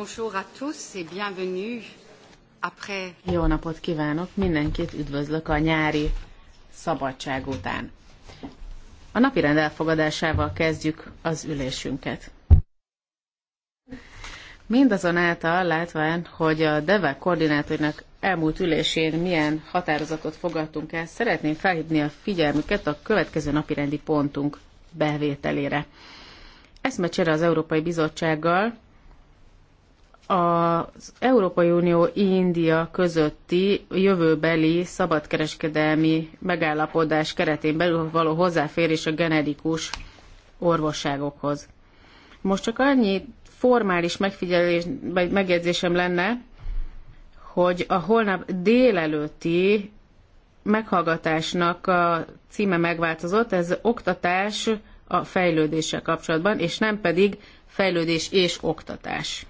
Bonjour à tous et bienvenue après... Jó napot kívánok, mindenkit üdvözlök a nyári szabadság után. A napirend elfogadásával kezdjük az ülésünket. Mindazonáltal látván, hogy a DEVE koordinátornak elmúlt ülésén milyen határozatot fogadtunk el, szeretném felhívni a figyelmüket a következő napirendi pontunk bevételére. Eszmecsere az Európai Bizottsággal az Európai Unió India közötti jövőbeli szabadkereskedelmi megállapodás keretén belül való hozzáférés a generikus orvosságokhoz. Most csak annyi formális megfigyelés, megjegyzésem lenne, hogy a holnap délelőtti meghallgatásnak a címe megváltozott, ez oktatás a fejlődéssel kapcsolatban, és nem pedig fejlődés és oktatás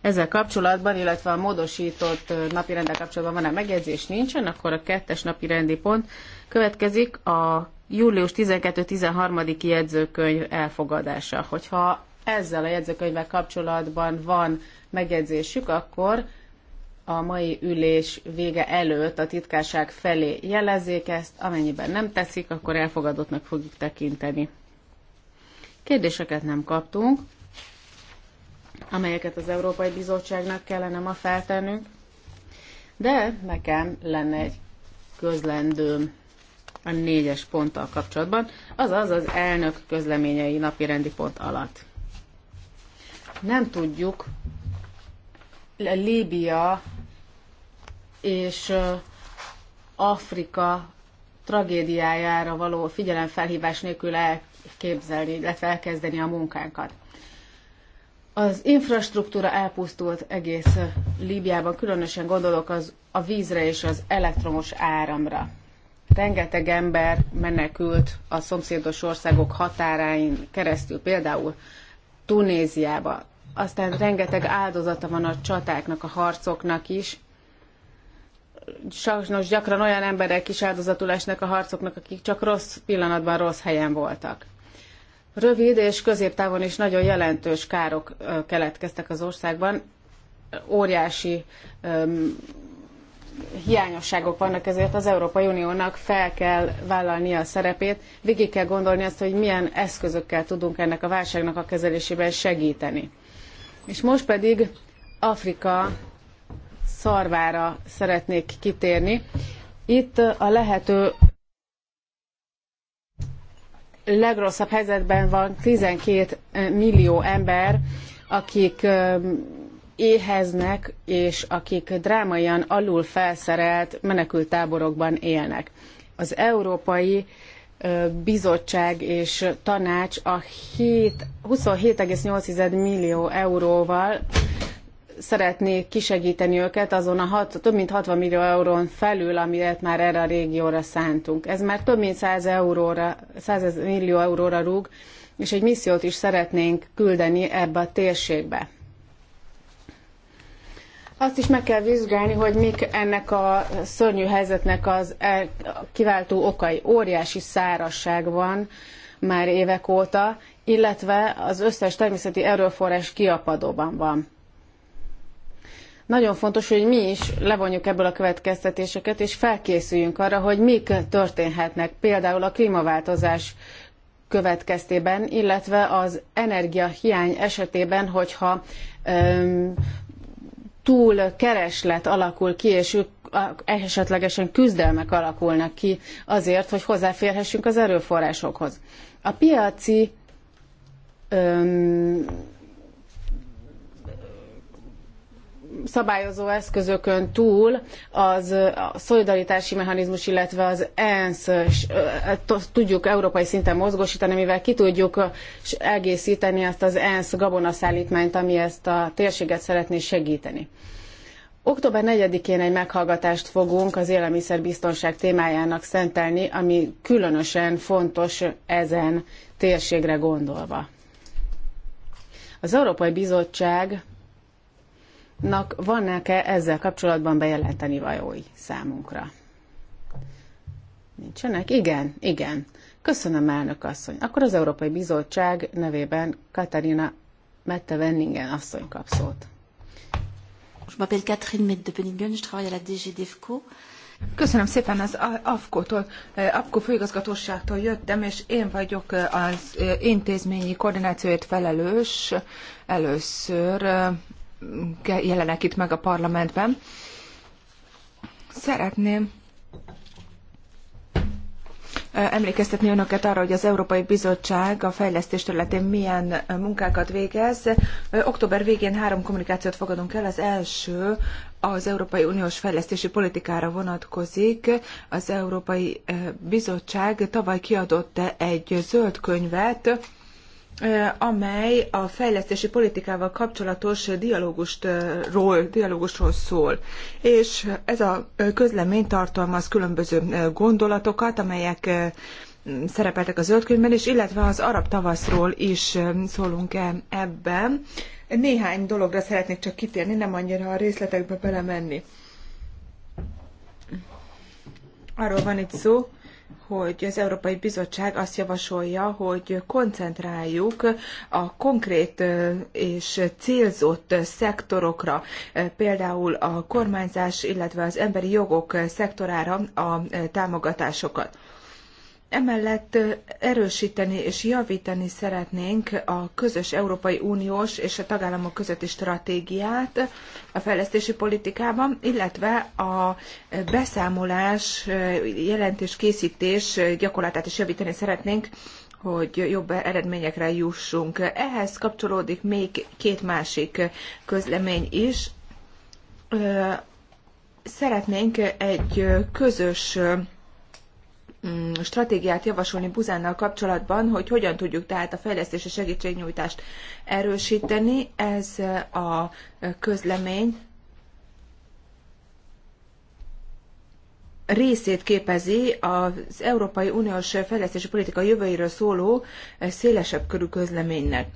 ezzel kapcsolatban, illetve a módosított napi rendel kapcsolatban van-e megjegyzés? Nincsen, akkor a kettes napi rendi pont következik a július 12-13. jegyzőkönyv elfogadása. Hogyha ezzel a jegyzőkönyvvel kapcsolatban van megjegyzésük, akkor a mai ülés vége előtt a titkárság felé jelezzék ezt, amennyiben nem teszik, akkor elfogadottnak fogjuk tekinteni. Kérdéseket nem kaptunk, amelyeket az Európai Bizottságnak kellene ma feltennünk, de nekem lenne egy közlendőm a négyes ponttal kapcsolatban, azaz az elnök közleményei napi rendi pont alatt. Nem tudjuk Líbia és Afrika tragédiájára való figyelemfelhívás nélkül elképzelni, illetve elkezdeni a munkánkat. Az infrastruktúra elpusztult egész eh, Líbiában, különösen gondolok az, a vízre és az elektromos áramra. Rengeteg ember menekült a szomszédos országok határáin keresztül, például Tunéziába. Aztán rengeteg áldozata van a csatáknak, a harcoknak is. Sajnos gyakran olyan emberek is áldozatul esnek a harcoknak, akik csak rossz pillanatban, rossz helyen voltak Rövid és középtávon is nagyon jelentős károk keletkeztek az országban. Óriási um, hiányosságok vannak, ezért az Európai Uniónak fel kell vállalnia a szerepét, végig kell gondolni azt, hogy milyen eszközökkel tudunk ennek a válságnak a kezelésében segíteni. És most pedig Afrika szarvára szeretnék kitérni. Itt a lehető legrosszabb helyzetben van 12 eh, millió ember, akik eh, éheznek, és akik drámaian alul felszerelt menekülttáborokban élnek. Az Európai eh, Bizottság és Tanács a 27,8 millió euróval szeretné kisegíteni őket azon a hat, több mint 60 millió eurón felül, amiért már erre a régióra szántunk. Ez már több mint 100, euróra, 100 millió euróra rúg, és egy missziót is szeretnénk küldeni ebbe a térségbe. Azt is meg kell vizsgálni, hogy mik ennek a szörnyű helyzetnek az e, kiváltó okai. Óriási szárazság van már évek óta, illetve az összes természeti erőforrás kiapadóban van. Nagyon fontos, hogy mi is levonjuk ebből a következtetéseket, és felkészüljünk arra, hogy mik történhetnek, például a klímaváltozás következtében, illetve az energiahiány esetében, hogyha öm, túl kereslet alakul ki, és ők esetlegesen küzdelmek alakulnak ki azért, hogy hozzáférhessünk az erőforrásokhoz. A piaci öm, szabályozó eszközökön túl az a szolidaritási mechanizmus, illetve az ENSZ tudjuk európai szinten mozgósítani, mivel ki tudjuk egészíteni ezt az ENSZ gabonaszállítmányt, ami ezt a térséget szeretné segíteni. Október 4-én egy meghallgatást fogunk az élelmiszerbiztonság témájának szentelni, ami különösen fontos ezen térségre gondolva. Az Európai Bizottság nak vannak-e ezzel kapcsolatban bejelenteni vajói számunkra? Nincsenek? Igen, igen. Köszönöm, elnök asszony. Akkor az Európai Bizottság nevében Katarina Mette Wenningen asszony kap szót. Je m'appelle Catherine Mette de je travaille à la DG DEFCO. Köszönöm szépen az AFKO-tól, eh, AFKO főigazgatóságtól jöttem, és én vagyok eh, az eh, intézményi koordinációért felelős először jelenek itt meg a parlamentben. Szeretném emlékeztetni önöket arra, hogy az Európai Bizottság a fejlesztés területén milyen munkákat végez. Október végén három kommunikációt fogadunk el. Az első az Európai Uniós fejlesztési politikára vonatkozik. Az Európai Bizottság tavaly kiadott egy zöld könyvet, amely a fejlesztési politikával kapcsolatos dialógusról, dialógusról szól. És ez a közlemény tartalmaz különböző gondolatokat, amelyek szerepeltek a zöldkönyvben is, illetve az arab tavaszról is szólunk e, ebben. Néhány dologra szeretnék csak kitérni, nem annyira a részletekbe belemenni. Arról van itt szó, hogy az Európai Bizottság azt javasolja, hogy koncentráljuk a konkrét és célzott szektorokra, például a kormányzás, illetve az emberi jogok szektorára a támogatásokat. Emellett erősíteni és javítani szeretnénk a közös Európai Uniós és a tagállamok közötti stratégiát a fejlesztési politikában, illetve a beszámolás, jelentés készítés gyakorlatát is javítani szeretnénk, hogy jobb eredményekre jussunk. Ehhez kapcsolódik még két másik közlemény is. Szeretnénk egy közös Mm, stratégiát javasolni Buzánnal kapcsolatban, hogy hogyan tudjuk tehát a fejlesztési segítségnyújtást erősíteni. Ez a közlemény részét képezi az Európai Uniós fejlesztési politika jövőjéről szóló szélesebb körű közleménynek.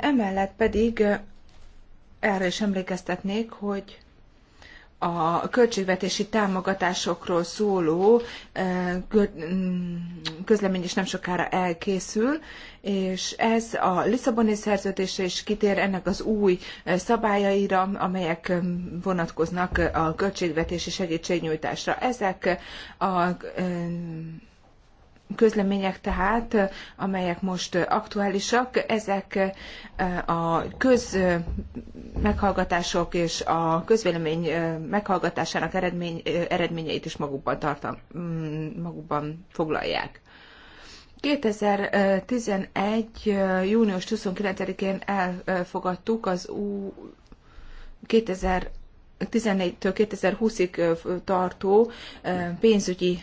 Emellett pedig erre is emlékeztetnék, hogy a költségvetési támogatásokról szóló mm, közlemény is nem sokára elkészül, és ez a Lisszaboni szerződésre is kitér ennek az új szabályaira, amelyek vonatkoznak a költségvetési segítségnyújtásra. Ezek a közlemények tehát, amelyek most aktuálisak, ezek a köz meghallgatások és a közvélemény meghallgatásának eredmény, eredményeit is magukban, tartam, mm, magukban foglalják. 2011. június 29-én elfogadtuk az U 2000 2014-től 2020-ig tartó pénzügyi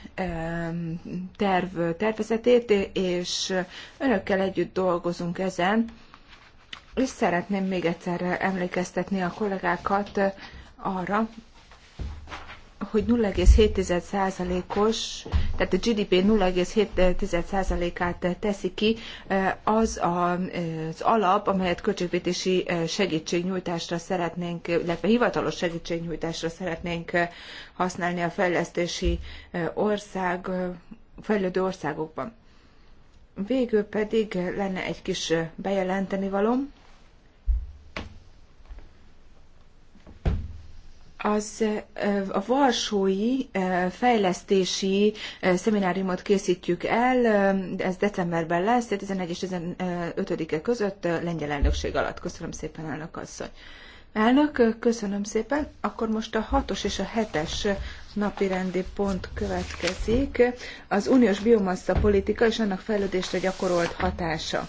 terv tervezetét, és önökkel együtt dolgozunk ezen. És szeretném még egyszer emlékeztetni a kollégákat arra, hogy 0,7%-os, tehát a GDP 0,7%-át teszi ki, az az alap, amelyet költségvetési segítségnyújtásra szeretnénk, illetve hivatalos segítségnyújtásra szeretnénk használni a fejlesztési ország, fejlődő országokban. Végül pedig lenne egy kis bejelenteni valom. az a Varsói fejlesztési szemináriumot készítjük el, ez decemberben lesz, 11 és 15-e között lengyel elnökség alatt. Köszönöm szépen, elnök asszony. Elnök, köszönöm szépen. Akkor most a hatos és a hetes napirendi pont következik. Az uniós biomassa politika és annak fejlődésre gyakorolt hatása.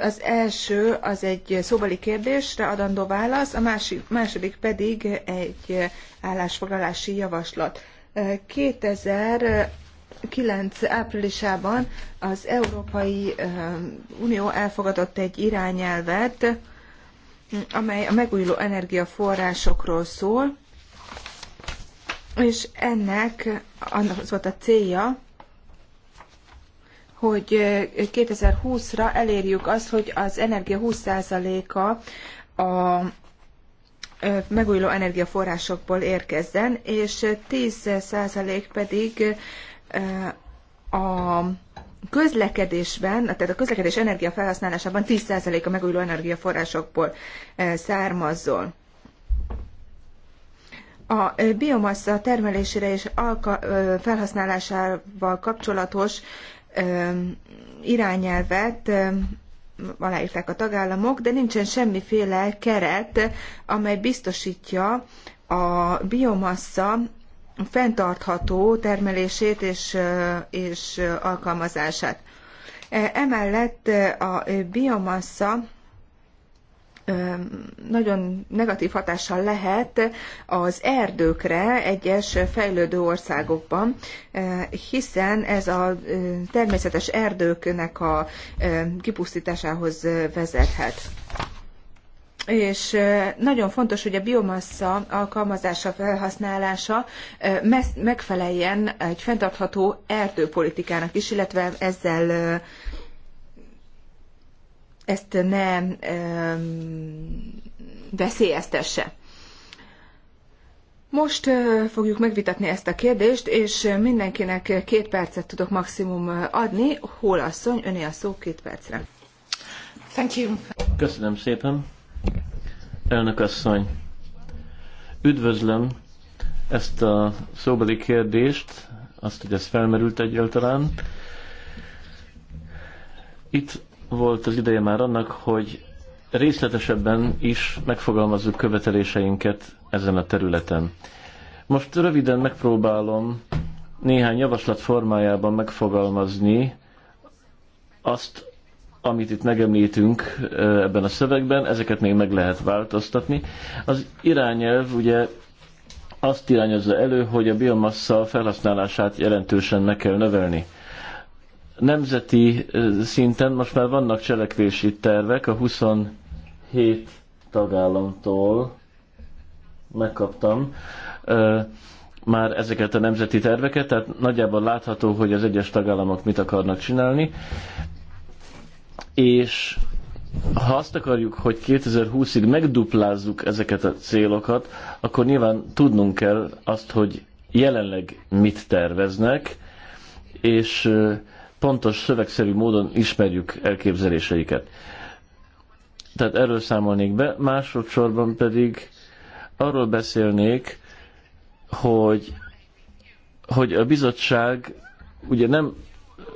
Az első az egy szóbeli kérdésre adandó válasz, a másik, második pedig egy állásfoglalási javaslat. 2009. áprilisában az Európai eh, Unió elfogadott egy irányelvet, amely a megújuló energiaforrásokról szól, és ennek az volt a célja, hogy 2020-ra elérjük azt, hogy az energia 20%-a a megújuló energiaforrásokból érkezzen, és 10% pedig a közlekedésben, tehát a közlekedés energiafelhasználásában 10% a megújuló energiaforrásokból származzon. A biomassa termelésére és felhasználásával kapcsolatos irányelvet aláírták a tagállamok, de nincsen semmiféle keret, amely biztosítja a biomassa fenntartható termelését és, és alkalmazását. E, emellett a biomassa nagyon negatív hatással lehet az erdőkre egyes fejlődő országokban, hiszen ez a természetes erdőknek a kipusztításához vezethet. És nagyon fontos, hogy a biomassa alkalmazása, felhasználása megfeleljen egy fenntartható erdőpolitikának is, illetve ezzel ezt ne veszélyeztesse. Most fogjuk megvitatni ezt a kérdést, és mindenkinek két percet tudok maximum adni. Hol asszony, öné a szó két percre. Thank you. Köszönöm szépen. Elnök asszony, üdvözlöm ezt a szóbeli kérdést, azt, hogy ez felmerült egyáltalán. Itt volt az ideje már annak, hogy részletesebben is megfogalmazzuk követeléseinket ezen a területen. Most röviden megpróbálom néhány javaslat formájában megfogalmazni azt, amit itt megemlítünk ebben a szövegben, ezeket még meg lehet változtatni. Az irányelv ugye azt irányozza elő, hogy a biomassa felhasználását jelentősen meg kell növelni. Nemzeti szinten most már vannak cselekvési tervek, a 27 tagállamtól megkaptam már ezeket a nemzeti terveket, tehát nagyjából látható, hogy az egyes tagállamok mit akarnak csinálni. És ha azt akarjuk, hogy 2020-ig megduplázzuk ezeket a célokat, akkor nyilván tudnunk kell azt, hogy jelenleg mit terveznek, és pontos szövegszerű módon ismerjük elképzeléseiket. Tehát erről számolnék be, másodszorban pedig arról beszélnék, hogy, hogy a bizottság ugye nem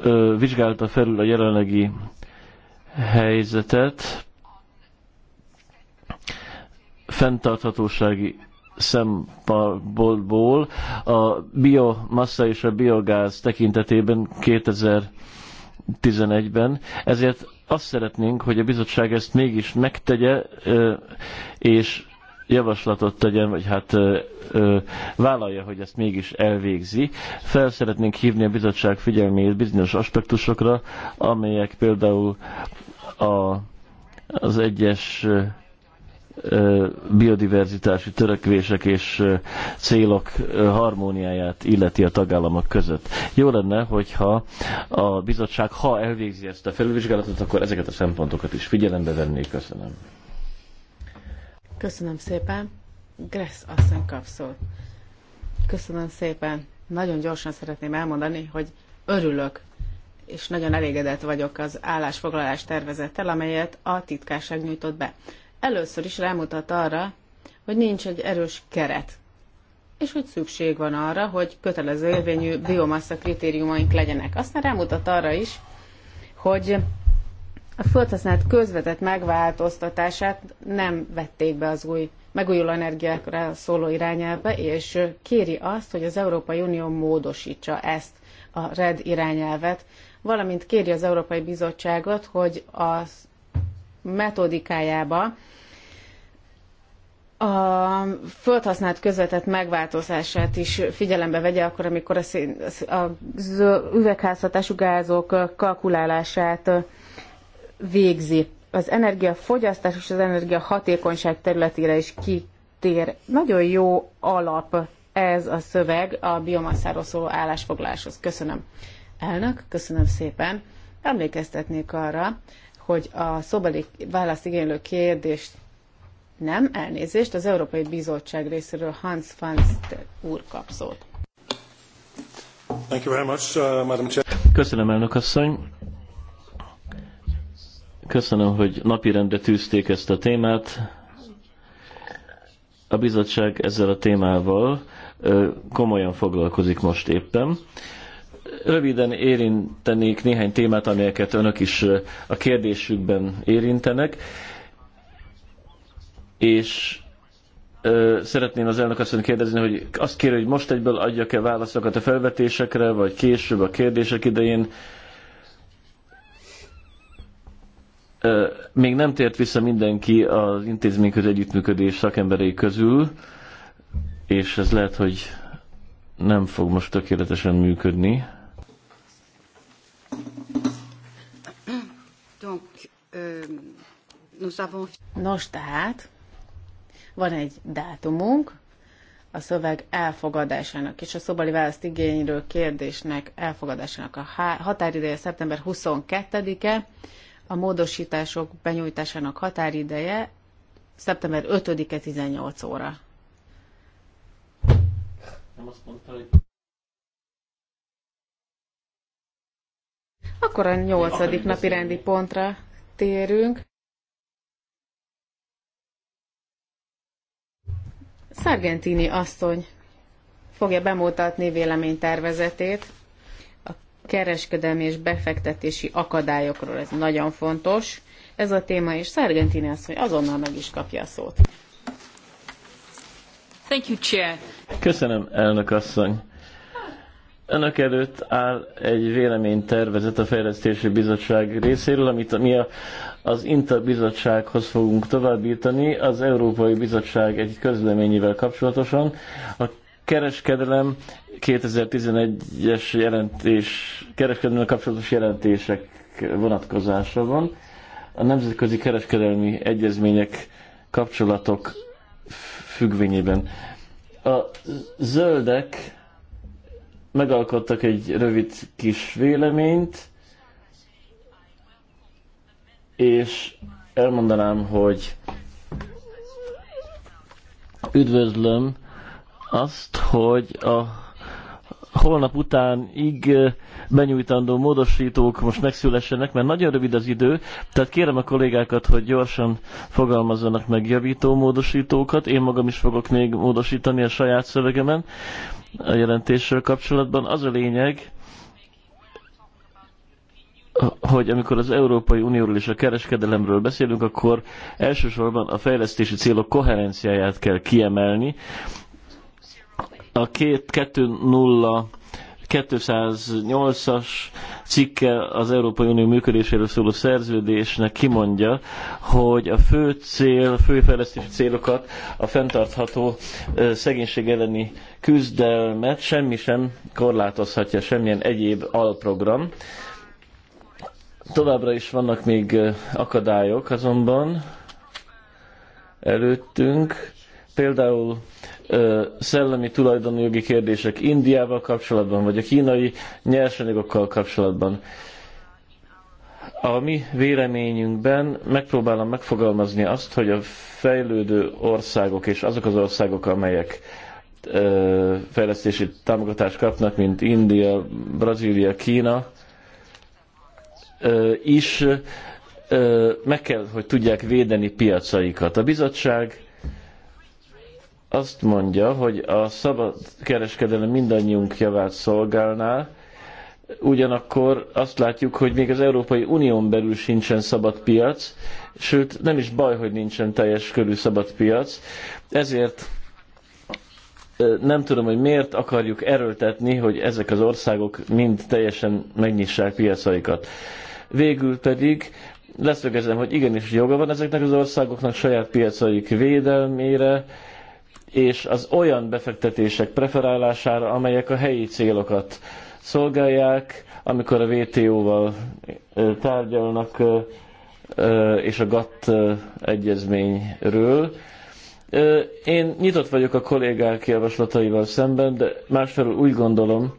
ö, vizsgálta felül a jelenlegi helyzetet, fenntarthatósági szempontból a biomassa és a biogáz tekintetében 2011-ben. Ezért azt szeretnénk, hogy a bizottság ezt mégis megtegye, és javaslatot tegyen, vagy hát ö, ö, vállalja, hogy ezt mégis elvégzi. Fel szeretnénk hívni a bizottság figyelmét bizonyos aspektusokra, amelyek például a, az egyes biodiverzitási törekvések és célok harmóniáját illeti a tagállamok között. Jó lenne, hogyha a bizottság, ha elvégzi ezt a felülvizsgálatot, akkor ezeket a szempontokat is figyelembe venné. Köszönöm. Köszönöm szépen. Gressz asszony kapszol. Köszönöm szépen. Nagyon gyorsan szeretném elmondani, hogy örülök, és nagyon elégedett vagyok az állásfoglalás tervezettel, amelyet a titkárság nyújtott be először is rámutat arra, hogy nincs egy erős keret, és hogy szükség van arra, hogy kötelező érvényű biomassa kritériumaink legyenek. Aztán rámutat arra is, hogy a földhasználat közvetett megváltoztatását nem vették be az új megújuló energiákra szóló irányelvbe, és kéri azt, hogy az Európai Unió módosítsa ezt a RED irányelvet, valamint kéri az Európai Bizottságot, hogy az metodikájába a földhasznált közvetett megváltozását is figyelembe vegye akkor, amikor a, szín, a üvegházhatású gázok kalkulálását végzi. Az energiafogyasztás és az energiahatékonyság területére is kitér. Nagyon jó alap ez a szöveg a biomaszáról szóló állásfoglaláshoz. Köszönöm. Elnök, köszönöm szépen. Emlékeztetnék arra, hogy a szobeli válaszigénylő kérdést nem, elnézést, az Európai Bizottság részéről Hans van úr kap szót. Thank you very much, uh, Madam Chair. Köszönöm, elnök asszony. Köszönöm, hogy napirendre tűzték ezt a témát. A bizottság ezzel a témával komolyan foglalkozik most éppen. Röviden érintenék néhány témát, amelyeket önök is a kérdésükben érintenek, és ö, szeretném az elnök azt kérdezni, hogy azt kér, hogy most egyből adjak-e válaszokat a felvetésekre, vagy később a kérdések idején. Ö, még nem tért vissza mindenki az köz együttműködés szakemberei közül, és ez lehet, hogy nem fog most tökéletesen működni. Euh, Nos tehát, van egy dátumunk, a szöveg elfogadásának és a szobali választ igényről kérdésnek elfogadásának a határideje szeptember 22-e, a módosítások benyújtásának határideje szeptember 5-e 18 óra. Nem azt mondta, hogy... Akkor a nyolcadik napi rendi pontra áttérünk. Szargentini asszony fogja bemutatni véleménytervezetét a kereskedelmi és befektetési akadályokról. Ez nagyon fontos. Ez a téma, és Sargentini asszony azonnal meg is kapja a szót. Thank you, Chair. Köszönöm, elnök asszony. Önök előtt áll egy véleménytervezet a Fejlesztési Bizottság részéről, amit mi a, az INTA fogunk továbbítani, az Európai Bizottság egy közleményével kapcsolatosan. A kereskedelem 2011-es jelentés, kereskedelmi kapcsolatos jelentések vonatkozása van. A nemzetközi kereskedelmi egyezmények kapcsolatok függvényében. A zöldek megalkottak egy rövid kis véleményt, és elmondanám, hogy üdvözlöm azt, hogy a holnap után így benyújtandó módosítók most megszülessenek, mert nagyon rövid az idő, tehát kérem a kollégákat, hogy gyorsan fogalmazzanak meg javító módosítókat, én magam is fogok még módosítani a saját szövegemen, a jelentéssel kapcsolatban. Az a lényeg, hogy amikor az Európai Unióról és a kereskedelemről beszélünk, akkor elsősorban a fejlesztési célok koherenciáját kell kiemelni. A két 2.0 208-as cikke az Európai Unió működéséről szóló szerződésnek kimondja, hogy a fő cél, a fő fejlesztési célokat, a fenntartható szegénység elleni küzdelmet semmi sem korlátozhatja, semmilyen egyéb alprogram. Továbbra is vannak még akadályok azonban előttünk például szellemi szellemi tulajdonjogi kérdések Indiával kapcsolatban, vagy a kínai nyersanyagokkal kapcsolatban. A mi véleményünkben megpróbálom megfogalmazni azt, hogy a fejlődő országok és azok az országok, amelyek fejlesztési támogatást kapnak, mint India, Brazília, Kína, is meg kell, hogy tudják védeni piacaikat. A bizottság azt mondja, hogy a szabad kereskedelem mindannyiunk javát szolgálná, ugyanakkor azt látjuk, hogy még az Európai Unión belül sincsen szabad piac, sőt nem is baj, hogy nincsen teljes körű szabad piac, ezért nem tudom, hogy miért akarjuk erőltetni, hogy ezek az országok mind teljesen megnyissák piacaikat. Végül pedig leszögezem, hogy igenis joga van ezeknek az országoknak saját piacaik védelmére, és az olyan befektetések preferálására, amelyek a helyi célokat szolgálják, amikor a WTO-val tárgyalnak és a GATT egyezményről. Én nyitott vagyok a kollégák javaslataival szemben, de másfelől úgy gondolom,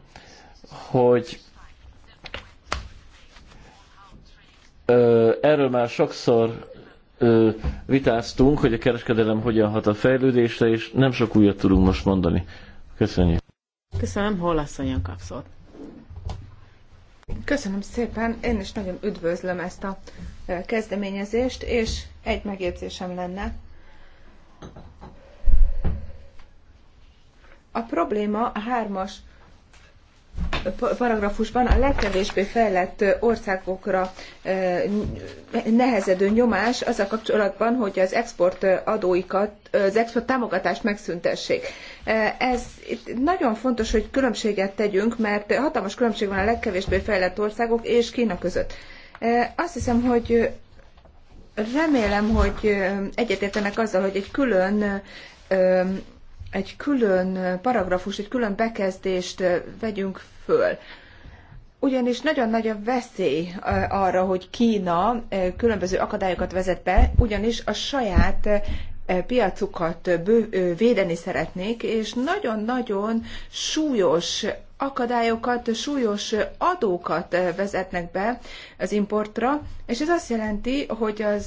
hogy erről már sokszor vitáztunk, hogy a kereskedelem hogyan hat a fejlődésre, és nem sok újat tudunk most mondani. Köszönjük. Köszönöm, hol a kapszott. Köszönöm szépen, én is nagyon üdvözlöm ezt a kezdeményezést, és egy megjegyzésem lenne. A probléma a hármas paragrafusban a legkevésbé fejlett országokra nehezedő nyomás az a kapcsolatban, hogy az export adóikat, az export támogatást megszüntessék. Ez itt nagyon fontos, hogy különbséget tegyünk, mert hatalmas különbség van a legkevésbé fejlett országok és Kína között. Azt hiszem, hogy remélem, hogy egyetértenek azzal, hogy egy külön egy külön paragrafust, egy külön bekezdést vegyünk föl. Ugyanis nagyon nagy a veszély arra, hogy Kína különböző akadályokat vezet be, ugyanis a saját piacukat bő, védeni szeretnék, és nagyon-nagyon súlyos akadályokat, súlyos adókat vezetnek be az importra, és ez azt jelenti, hogy az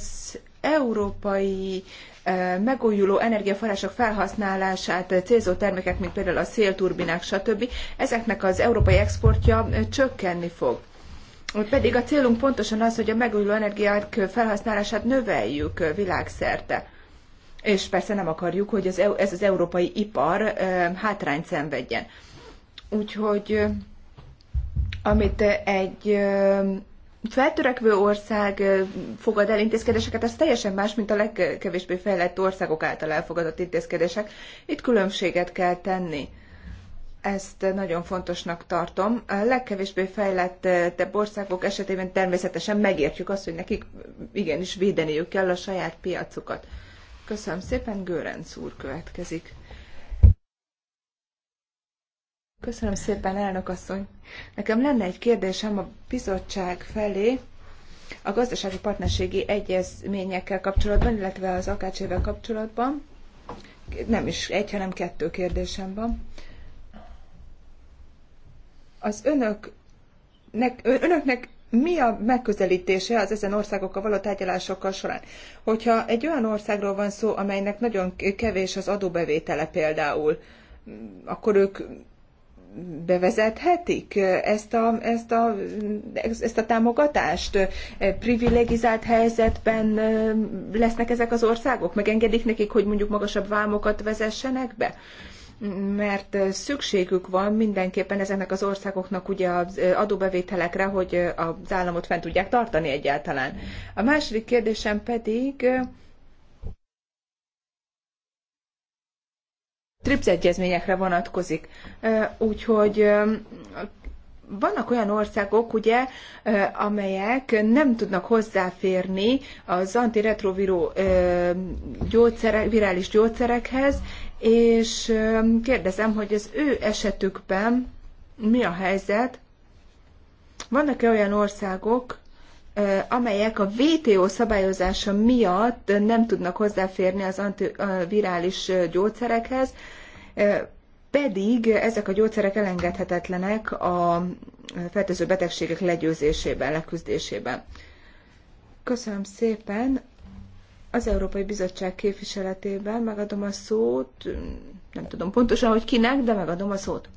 európai e, megújuló energiaforrások felhasználását célzó termékek, mint például a szélturbinák, stb. Ezeknek az európai exportja e, csökkenni fog. Pedig a célunk pontosan az, hogy a megújuló energiák felhasználását növeljük világszerte. És persze nem akarjuk, hogy e-, ez az európai ipar hátrányt szenvedjen. Úgyhogy amit egy feltörekvő ország fogad el intézkedéseket, ez teljesen más, mint a legkevésbé fejlett országok által elfogadott intézkedések. Itt különbséget kell tenni. Ezt nagyon fontosnak tartom. A legkevésbé fejlett országok esetében természetesen megértjük azt, hogy nekik igenis védeniük kell a saját piacukat. Köszönöm szépen, Görenc úr következik. Köszönöm szépen, elnök asszony. Nekem lenne egy kérdésem a bizottság felé a gazdasági partnerségi egyezményekkel kapcsolatban, illetve az akácsével kapcsolatban. Nem is egy, hanem kettő kérdésem van. Az önök, nek, önöknek mi a megközelítése az ezen országokkal való tárgyalásokkal során? Hogyha egy olyan országról van szó, amelynek nagyon kevés az adóbevétele például, akkor ők bevezethetik ezt a, ezt, a, ezt a támogatást? Privilegizált helyzetben lesznek ezek az országok? Megengedik nekik, hogy mondjuk magasabb vámokat vezessenek be? mert szükségük van mindenképpen ezeknek az országoknak ugye az adóbevételekre, hogy az államot fent tudják tartani egyáltalán. A második kérdésem pedig, TRIPS egyezményekre vonatkozik. Úgyhogy vannak olyan országok, ugye, amelyek nem tudnak hozzáférni az antiretroviró gyógyszerek, virális gyógyszerekhez, és kérdezem, hogy az ő esetükben mi a helyzet? Vannak-e olyan országok, amelyek a VTO szabályozása miatt nem tudnak hozzáférni az antivirális gyógyszerekhez, pedig ezek a gyógyszerek elengedhetetlenek a fertőző betegségek legyőzésében, leküzdésében. Köszönöm szépen. Az Európai Bizottság képviseletében megadom a szót, nem tudom pontosan, hogy kinek, de megadom a szót.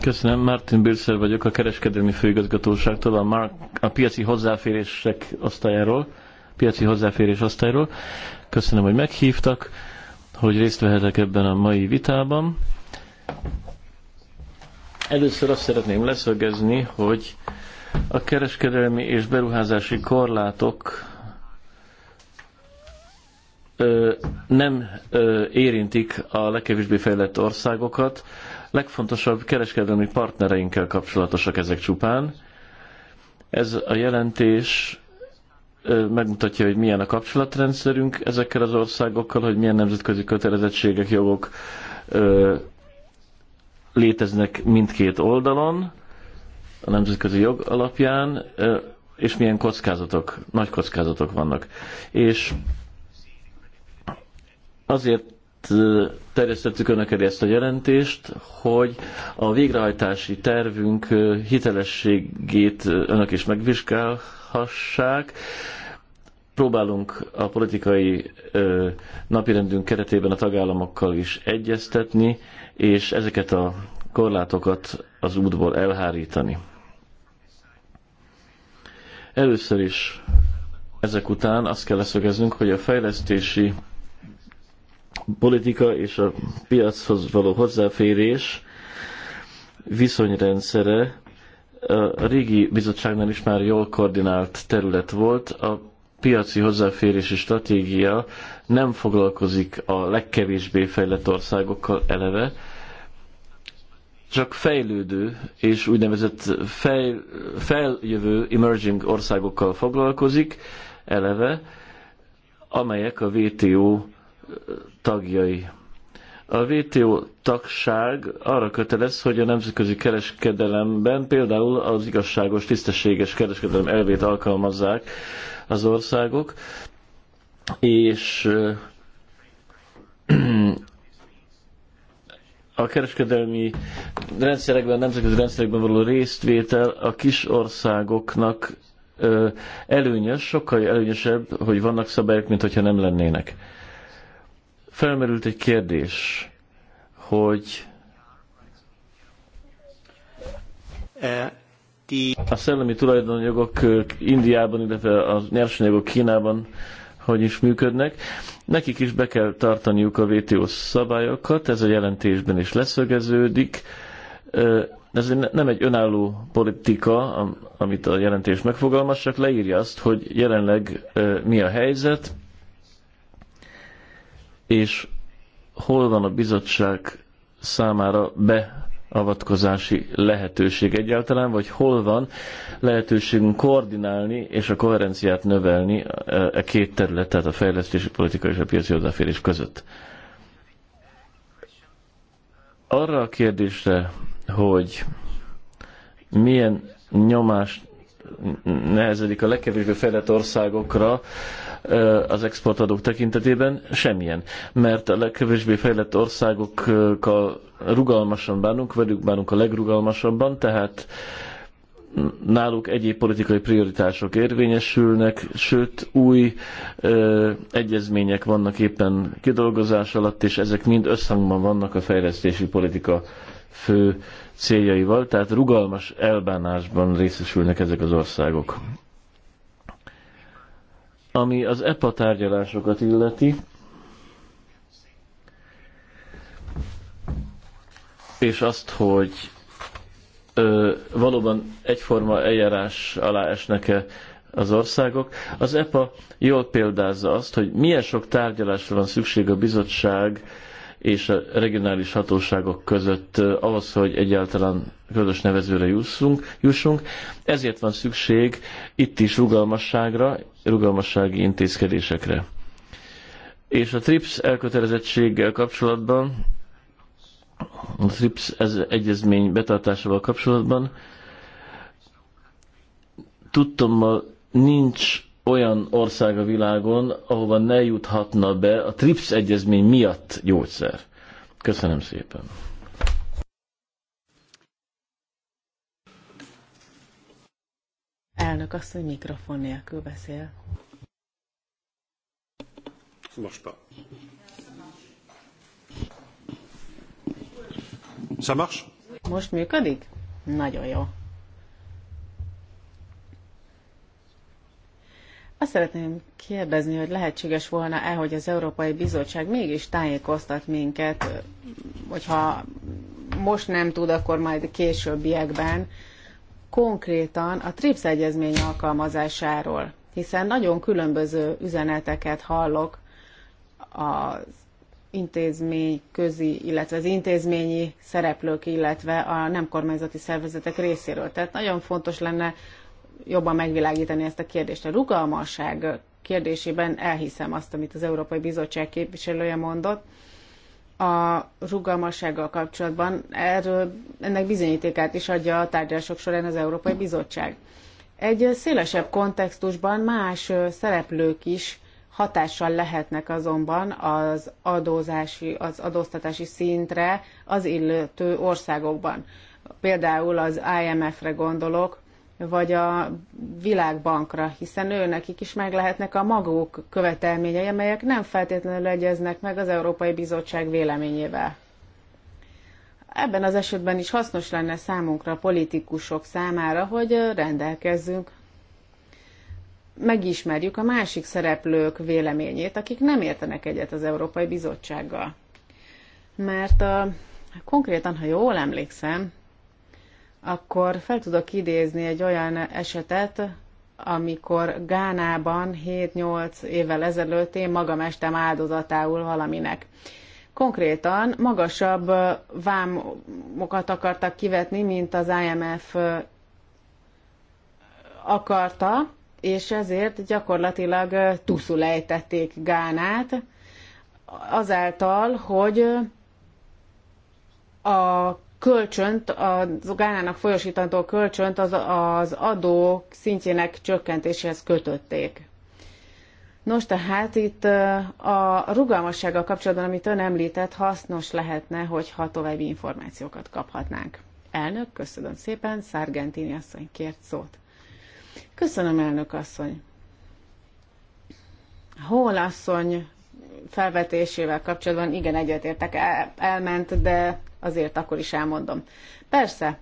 Köszönöm, Martin Birszer vagyok, a kereskedelmi főigazgatóságtól, a, Mark, a piaci hozzáférések osztályáról, piaci hozzáférés osztályról. Köszönöm, hogy meghívtak hogy részt vehetek ebben a mai vitában. Először azt szeretném leszögezni, hogy a kereskedelmi és beruházási korlátok ö, nem ö, érintik a legkevésbé fejlett országokat. Legfontosabb kereskedelmi partnereinkkel kapcsolatosak ezek csupán. Ez a jelentés megmutatja, hogy milyen a kapcsolatrendszerünk ezekkel az országokkal, hogy milyen nemzetközi kötelezettségek, jogok léteznek mindkét oldalon, a nemzetközi jog alapján, és milyen kockázatok, nagy kockázatok vannak. És azért terjesztettük önök elé ezt a jelentést, hogy a végrehajtási tervünk hitelességét önök is megvizsgálják, láthassák. Próbálunk a politikai ö, napirendünk keretében a tagállamokkal is egyeztetni, és ezeket a korlátokat az útból elhárítani. Először is ezek után azt kell leszögeznünk, hogy a fejlesztési politika és a piachoz való hozzáférés viszonyrendszere a régi bizottságnál is már jól koordinált terület volt. A piaci hozzáférési stratégia nem foglalkozik a legkevésbé fejlett országokkal eleve, csak fejlődő és úgynevezett fej, feljövő emerging országokkal foglalkozik eleve, amelyek a WTO tagjai. A WTO tagság arra kötelez, hogy a nemzetközi kereskedelemben például az igazságos, tisztességes kereskedelem elvét alkalmazzák az országok, és a kereskedelmi rendszerekben, nemzetközi rendszerekben való résztvétel a kis országoknak előnyös, sokkal előnyösebb, hogy vannak szabályok, mint hogyha nem lennének. Felmerült egy kérdés, hogy a szellemi tulajdonjogok Indiában, illetve a nyersanyagok Kínában hogy is működnek. Nekik is be kell tartaniuk a WTO szabályokat, ez a jelentésben is leszögeződik. Ez nem egy önálló politika, amit a jelentés megfogalmaz, csak leírja azt, hogy jelenleg mi a helyzet, és hol van a bizottság számára beavatkozási lehetőség egyáltalán, vagy hol van lehetőségünk koordinálni és a koherenciát növelni a e, e két terület, tehát a fejlesztési politika és a piaci hozzáférés között. Arra a kérdésre, hogy milyen nyomást nehezedik a legkevésbé fejlett országokra az exportadók tekintetében? Semmilyen. Mert a legkevésbé fejlett országokkal rugalmasan bánunk, velük bánunk a legrugalmasabban, tehát náluk egyéb politikai prioritások érvényesülnek, sőt új ö, egyezmények vannak éppen kidolgozás alatt, és ezek mind összhangban vannak a fejlesztési politika fő céljaival, tehát rugalmas elbánásban részesülnek ezek az országok. Ami az EPA tárgyalásokat illeti, és azt, hogy ö, valóban egyforma eljárás alá esnek-e az országok. Az EPA jól példázza azt, hogy milyen sok tárgyalásra van szükség a bizottság és a regionális hatóságok között eh, ahhoz, hogy egyáltalán közös nevezőre jussunk, jussunk. Ezért van szükség itt is rugalmasságra, rugalmassági intézkedésekre. És a TRIPS elkötelezettséggel kapcsolatban, a TRIPS ez egyezmény betartásával kapcsolatban, tudtommal nincs olyan ország a világon, ahova ne juthatna be a TRIPS egyezmény miatt gyógyszer. Köszönöm szépen. Elnök asszony mikrofon nélkül beszél. Most marche? Most működik? Nagyon jó. Azt szeretném kérdezni, hogy lehetséges volna-e, hogy az Európai Bizottság mégis tájékoztat minket, hogyha most nem tud, akkor majd későbbiekben, konkrétan a TRIPS egyezmény alkalmazásáról, hiszen nagyon különböző üzeneteket hallok az intézmény közi, illetve az intézményi szereplők, illetve a nem kormányzati szervezetek részéről. Tehát nagyon fontos lenne jobban megvilágítani ezt a kérdést. A rugalmasság kérdésében elhiszem azt, amit az Európai Bizottság képviselője mondott. A rugalmassággal kapcsolatban erről, ennek bizonyítékát is adja a tárgyalások során az Európai Bizottság. Egy szélesebb kontextusban más szereplők is hatással lehetnek azonban az adózási, az adóztatási szintre az illető országokban. Például az IMF-re gondolok, vagy a világbankra, hiszen ő nekik is meg lehetnek a maguk követelményei, amelyek nem feltétlenül egyeznek meg az Európai Bizottság véleményével. Ebben az esetben is hasznos lenne számunkra, politikusok számára, hogy rendelkezzünk, megismerjük a másik szereplők véleményét, akik nem értenek egyet az Európai Bizottsággal. Mert a, konkrétan, ha jól emlékszem, akkor fel tudok idézni egy olyan esetet, amikor Gánában 7-8 évvel ezelőtt én magam estem áldozatául valaminek. Konkrétan magasabb vámokat akartak kivetni, mint az IMF akarta, és ezért gyakorlatilag ejtették Gánát, azáltal, hogy a kölcsönt, a Gánának folyosítandó kölcsönt az, az adó szintjének csökkentéséhez kötötték. Nos, tehát itt a rugalmassággal kapcsolatban, amit ön említett, hasznos lehetne, hogyha további információkat kaphatnánk. Elnök, köszönöm szépen, Szargentini asszony kért szót. Köszönöm, elnök asszony. Hol asszony felvetésével kapcsolatban igen egyetértek, el, elment, de azért akkor is elmondom. Persze,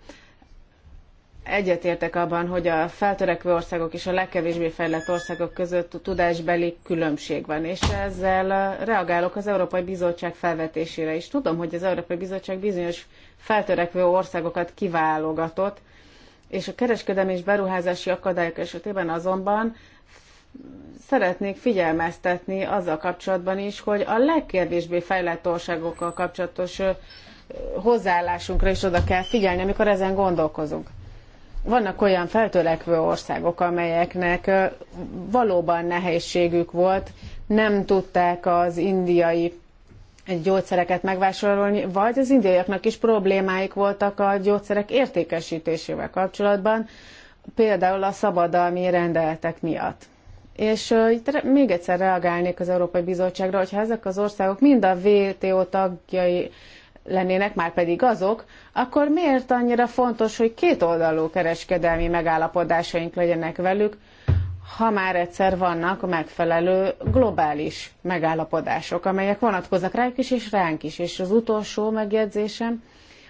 egyetértek abban, hogy a feltörekvő országok és a legkevésbé fejlett országok között tudásbeli különbség van, és ezzel reagálok az Európai Bizottság felvetésére is. Tudom, hogy az Európai Bizottság bizonyos feltörekvő országokat kiválogatott, és a kereskedelmi és beruházási akadályok esetében azonban szeretnék figyelmeztetni azzal kapcsolatban is, hogy a legkevésbé fejlett országokkal kapcsolatos hozzáállásunkra is oda kell figyelni, amikor ezen gondolkozunk. Vannak olyan feltörekvő országok, amelyeknek valóban nehézségük volt, nem tudták az indiai gyógyszereket megvásárolni, vagy az indiaiaknak is problémáik voltak a gyógyszerek értékesítésével kapcsolatban, például a szabadalmi rendeletek miatt. És uh, itt még egyszer reagálnék az Európai Bizottságra, hogyha ezek az országok mind a WTO tagjai lennének, már pedig azok, akkor miért annyira fontos, hogy kétoldalú kereskedelmi megállapodásaink legyenek velük, ha már egyszer vannak megfelelő globális megállapodások, amelyek vonatkoznak rájuk is, és ránk is. És az utolsó megjegyzésem,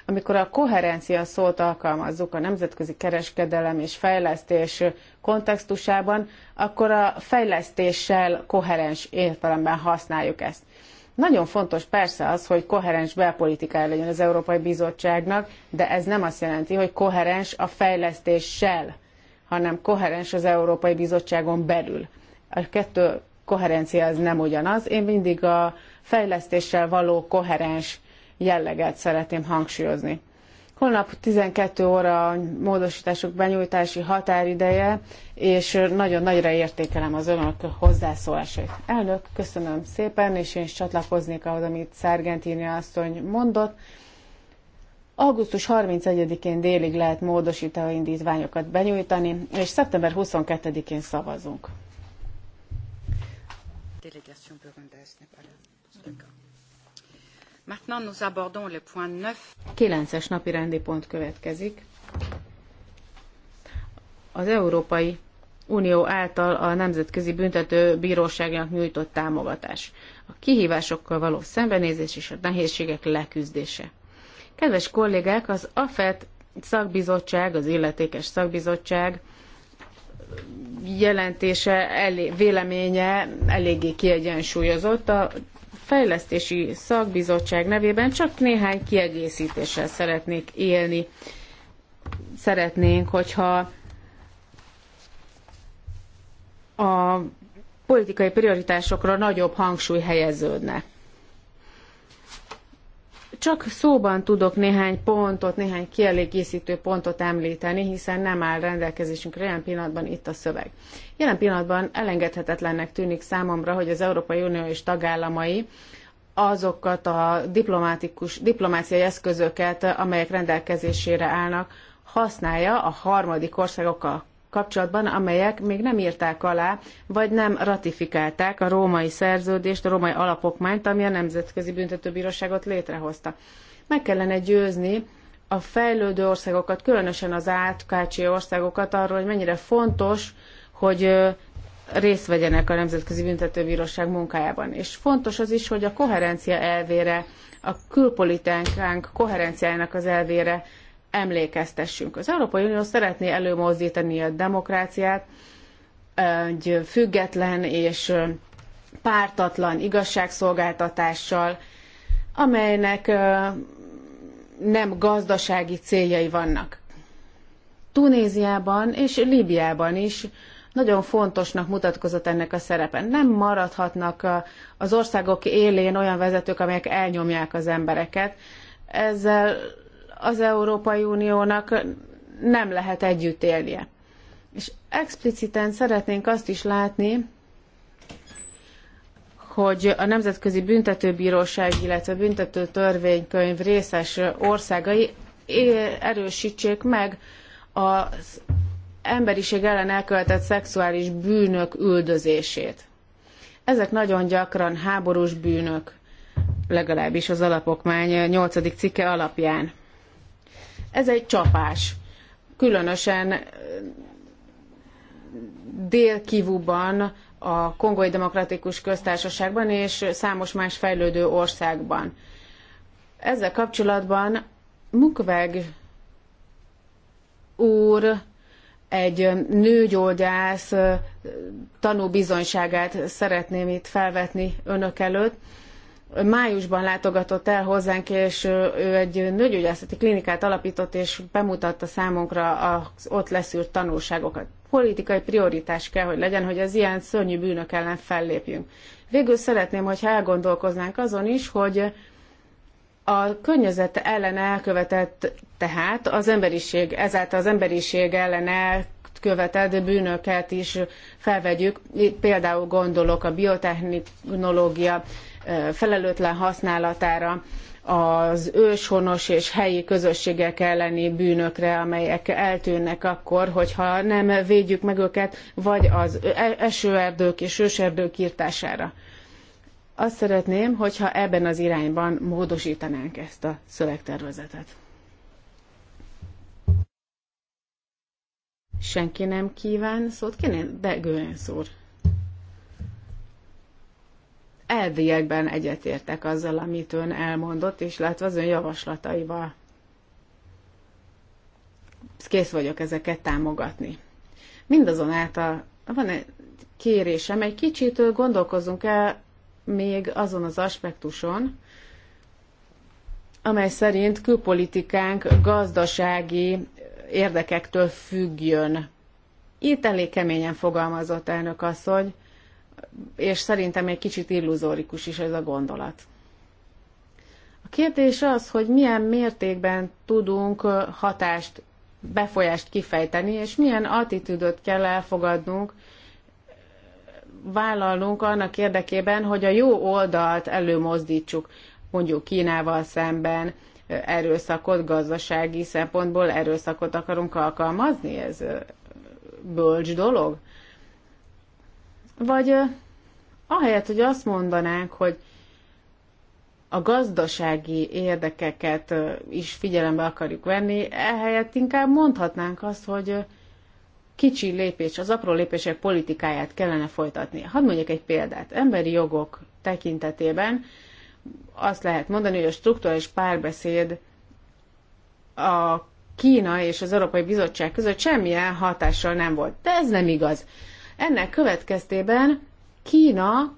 amikor a koherencia szót alkalmazzuk a nemzetközi kereskedelem és fejlesztés kontextusában, akkor a fejlesztéssel koherens értelemben használjuk ezt. Nagyon fontos persze az, hogy koherens belpolitikája legyen az Európai Bizottságnak, de ez nem azt jelenti, hogy koherens a fejlesztéssel, hanem koherens az Európai Bizottságon belül. A kettő koherencia az nem ugyanaz. Én mindig a fejlesztéssel való koherens jelleget szeretném hangsúlyozni. Holnap 12 óra a módosítások benyújtási határideje, és nagyon nagyra értékelem az önök hozzászólásait. Elnök, köszönöm szépen, és én is csatlakoznék ahhoz, amit Szergentini asszony mondott. Augusztus 31-én délig lehet módosító indítványokat benyújtani, és szeptember 22-én szavazunk. Délégation burundaise n'est Maintenant, nous abordons le point 9. 9-es napi rendi pont következik. Az Európai Unió által a Nemzetközi Büntető Bíróságnak nyújtott támogatás. A kihívásokkal való szembenézés és a nehézségek leküzdése. Kedves kollégák, az AFET szakbizottság, az illetékes szakbizottság jelentése, elé, véleménye eléggé kiegyensúlyozott. A fejlesztési szakbizottság nevében csak néhány kiegészítéssel szeretnék élni. Szeretnénk, hogyha a politikai prioritásokra nagyobb hangsúly helyeződne csak szóban tudok néhány pontot, néhány kielégészítő pontot említeni, hiszen nem áll rendelkezésünkre jelen pillanatban itt a szöveg. Jelen pillanatban elengedhetetlennek tűnik számomra, hogy az Európai Unió és tagállamai azokat a diplomatikus, diplomáciai eszközöket, amelyek rendelkezésére állnak, használja a harmadik országokkal kapcsolatban, amelyek még nem írták alá, vagy nem ratifikálták a római szerződést, a római alapokmányt, ami a Nemzetközi Büntetőbíróságot létrehozta. Meg kellene győzni a fejlődő országokat, különösen az átkácsi országokat arról, hogy mennyire fontos, hogy részt vegyenek a Nemzetközi Büntetőbíróság munkájában. És fontos az is, hogy a koherencia elvére, a külpolitikánk koherenciájának az elvére emlékeztessünk. Az Európai Unió szeretné előmozdítani a demokráciát, egy független és pártatlan igazságszolgáltatással, amelynek nem gazdasági céljai vannak. Tunéziában és Líbiában is nagyon fontosnak mutatkozott ennek a szerepen. Nem maradhatnak az országok élén olyan vezetők, amelyek elnyomják az embereket. Ezzel az Európai Uniónak nem lehet együtt élnie. És expliciten szeretnénk azt is látni, hogy a Nemzetközi Büntetőbíróság, illetve büntetőtörvénykönyv részes országai erősítsék meg az emberiség ellen elkövetett szexuális bűnök üldözését. Ezek nagyon gyakran háborús bűnök, legalábbis az alapokmány 8. cikke alapján. Ez egy csapás. Különösen délkivuban, a Kongói Demokratikus Köztársaságban és számos más fejlődő országban. Ezzel kapcsolatban Mukweg úr egy nőgyógyász tanúbizonyságát szeretném itt felvetni önök előtt, májusban látogatott el hozzánk, és ő egy nőgyógyászati klinikát alapított, és bemutatta számunkra az ott leszűrt tanulságokat. Politikai prioritás kell, hogy legyen, hogy az ilyen szörnyű bűnök ellen fellépjünk. Végül szeretném, hogyha elgondolkoznánk azon is, hogy a környezet ellen elkövetett, tehát az emberiség, ezáltal az emberiség ellen elkövetett bűnöket is felvegyük. Itt például gondolok a biotechnológia, felelőtlen használatára, az őshonos és helyi közösségek elleni bűnökre, amelyek eltűnnek akkor, hogyha nem védjük meg őket, vagy az e-, esőerdők és őserdők írtására. Azt szeretném, hogyha ebben az irányban módosítanánk ezt a szövegtervezetet. Senki nem kíván szót, kéne? De Gőensz elviekben egyetértek azzal, amit ön elmondott, és lehet az ön javaslataival kész vagyok ezeket támogatni. Mindazonáltal van egy kérésem, egy kicsit gondolkozzunk el még azon az aspektuson, amely szerint külpolitikánk gazdasági érdekektől függjön. Itt elég keményen fogalmazott elnök asszony, és szerintem egy kicsit illuzórikus is ez a gondolat. A kérdés az, hogy milyen mértékben tudunk hatást, befolyást kifejteni, és milyen attitűdöt kell elfogadnunk, vállalnunk annak érdekében, hogy a jó oldalt előmozdítsuk, mondjuk Kínával szemben, erőszakot gazdasági szempontból erőszakot akarunk alkalmazni, ez bölcs dolog. Vagy ahelyett, hogy azt mondanánk, hogy a gazdasági érdekeket is figyelembe akarjuk venni, ehelyett inkább mondhatnánk azt, hogy kicsi lépés, az apró lépések politikáját kellene folytatni. Hadd mondjak egy példát. Emberi jogok tekintetében azt lehet mondani, hogy a struktúrális párbeszéd a Kína és az Európai Bizottság között semmilyen hatással nem volt. De ez nem igaz. Ennek következtében Kína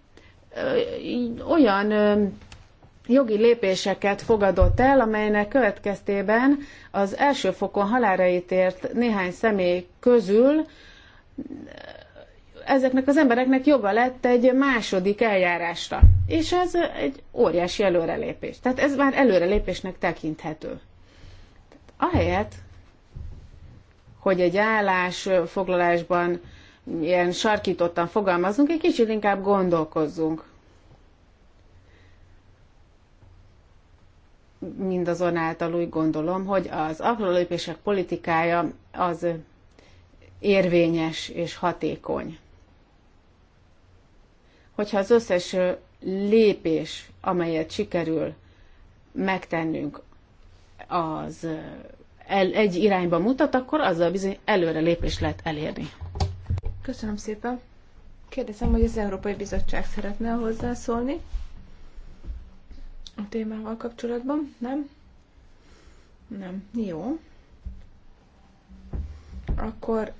olyan jogi lépéseket fogadott el, amelynek következtében az első fokon halára ítélt néhány személy közül ezeknek az embereknek joga lett egy második eljárásra. És ez egy óriási előrelépés. Tehát ez már előrelépésnek tekinthető. ahelyett, hogy egy állásfoglalásban ilyen sarkítottan fogalmazunk, egy kicsit inkább gondolkozzunk. Mindazonáltal úgy gondolom, hogy az aprólépések politikája az érvényes és hatékony. Hogyha az összes lépés, amelyet sikerül megtennünk, az egy irányba mutat, akkor azzal bizony előre lépés lehet elérni. Köszönöm szépen. Kérdezem, hogy az Európai Bizottság szeretne hozzászólni a témával kapcsolatban, nem? Nem. Jó. Akkor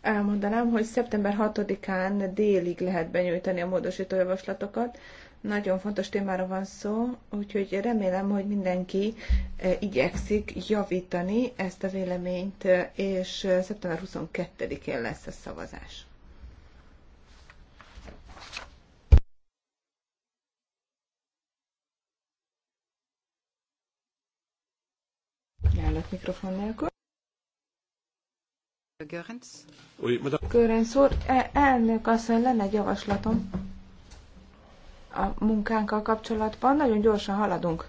elmondanám, hogy szeptember 6-án délig lehet benyújtani a módosító javaslatokat. Nagyon fontos témára van szó, úgyhogy remélem, hogy mindenki e, igyekszik javítani ezt a véleményt, e, és e, szeptember 22-én lesz a szavazás. Állat mikrofon nélkül. Görens úr, elnök asszony, lenne egy javaslatom a munkánkkal kapcsolatban. Nagyon gyorsan haladunk.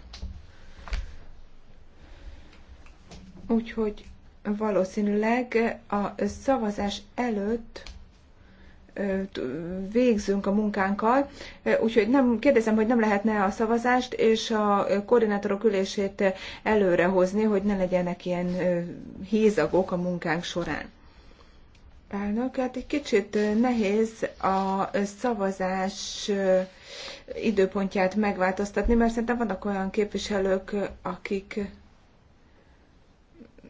Úgyhogy valószínűleg a szavazás előtt végzünk a munkánkkal, úgyhogy nem kérdezem, hogy nem lehetne a szavazást és a koordinátorok ülését előrehozni, hogy ne legyenek ilyen hézagok a munkánk során elnök. Hát egy kicsit nehéz a szavazás időpontját megváltoztatni, mert szerintem vannak olyan képviselők, akik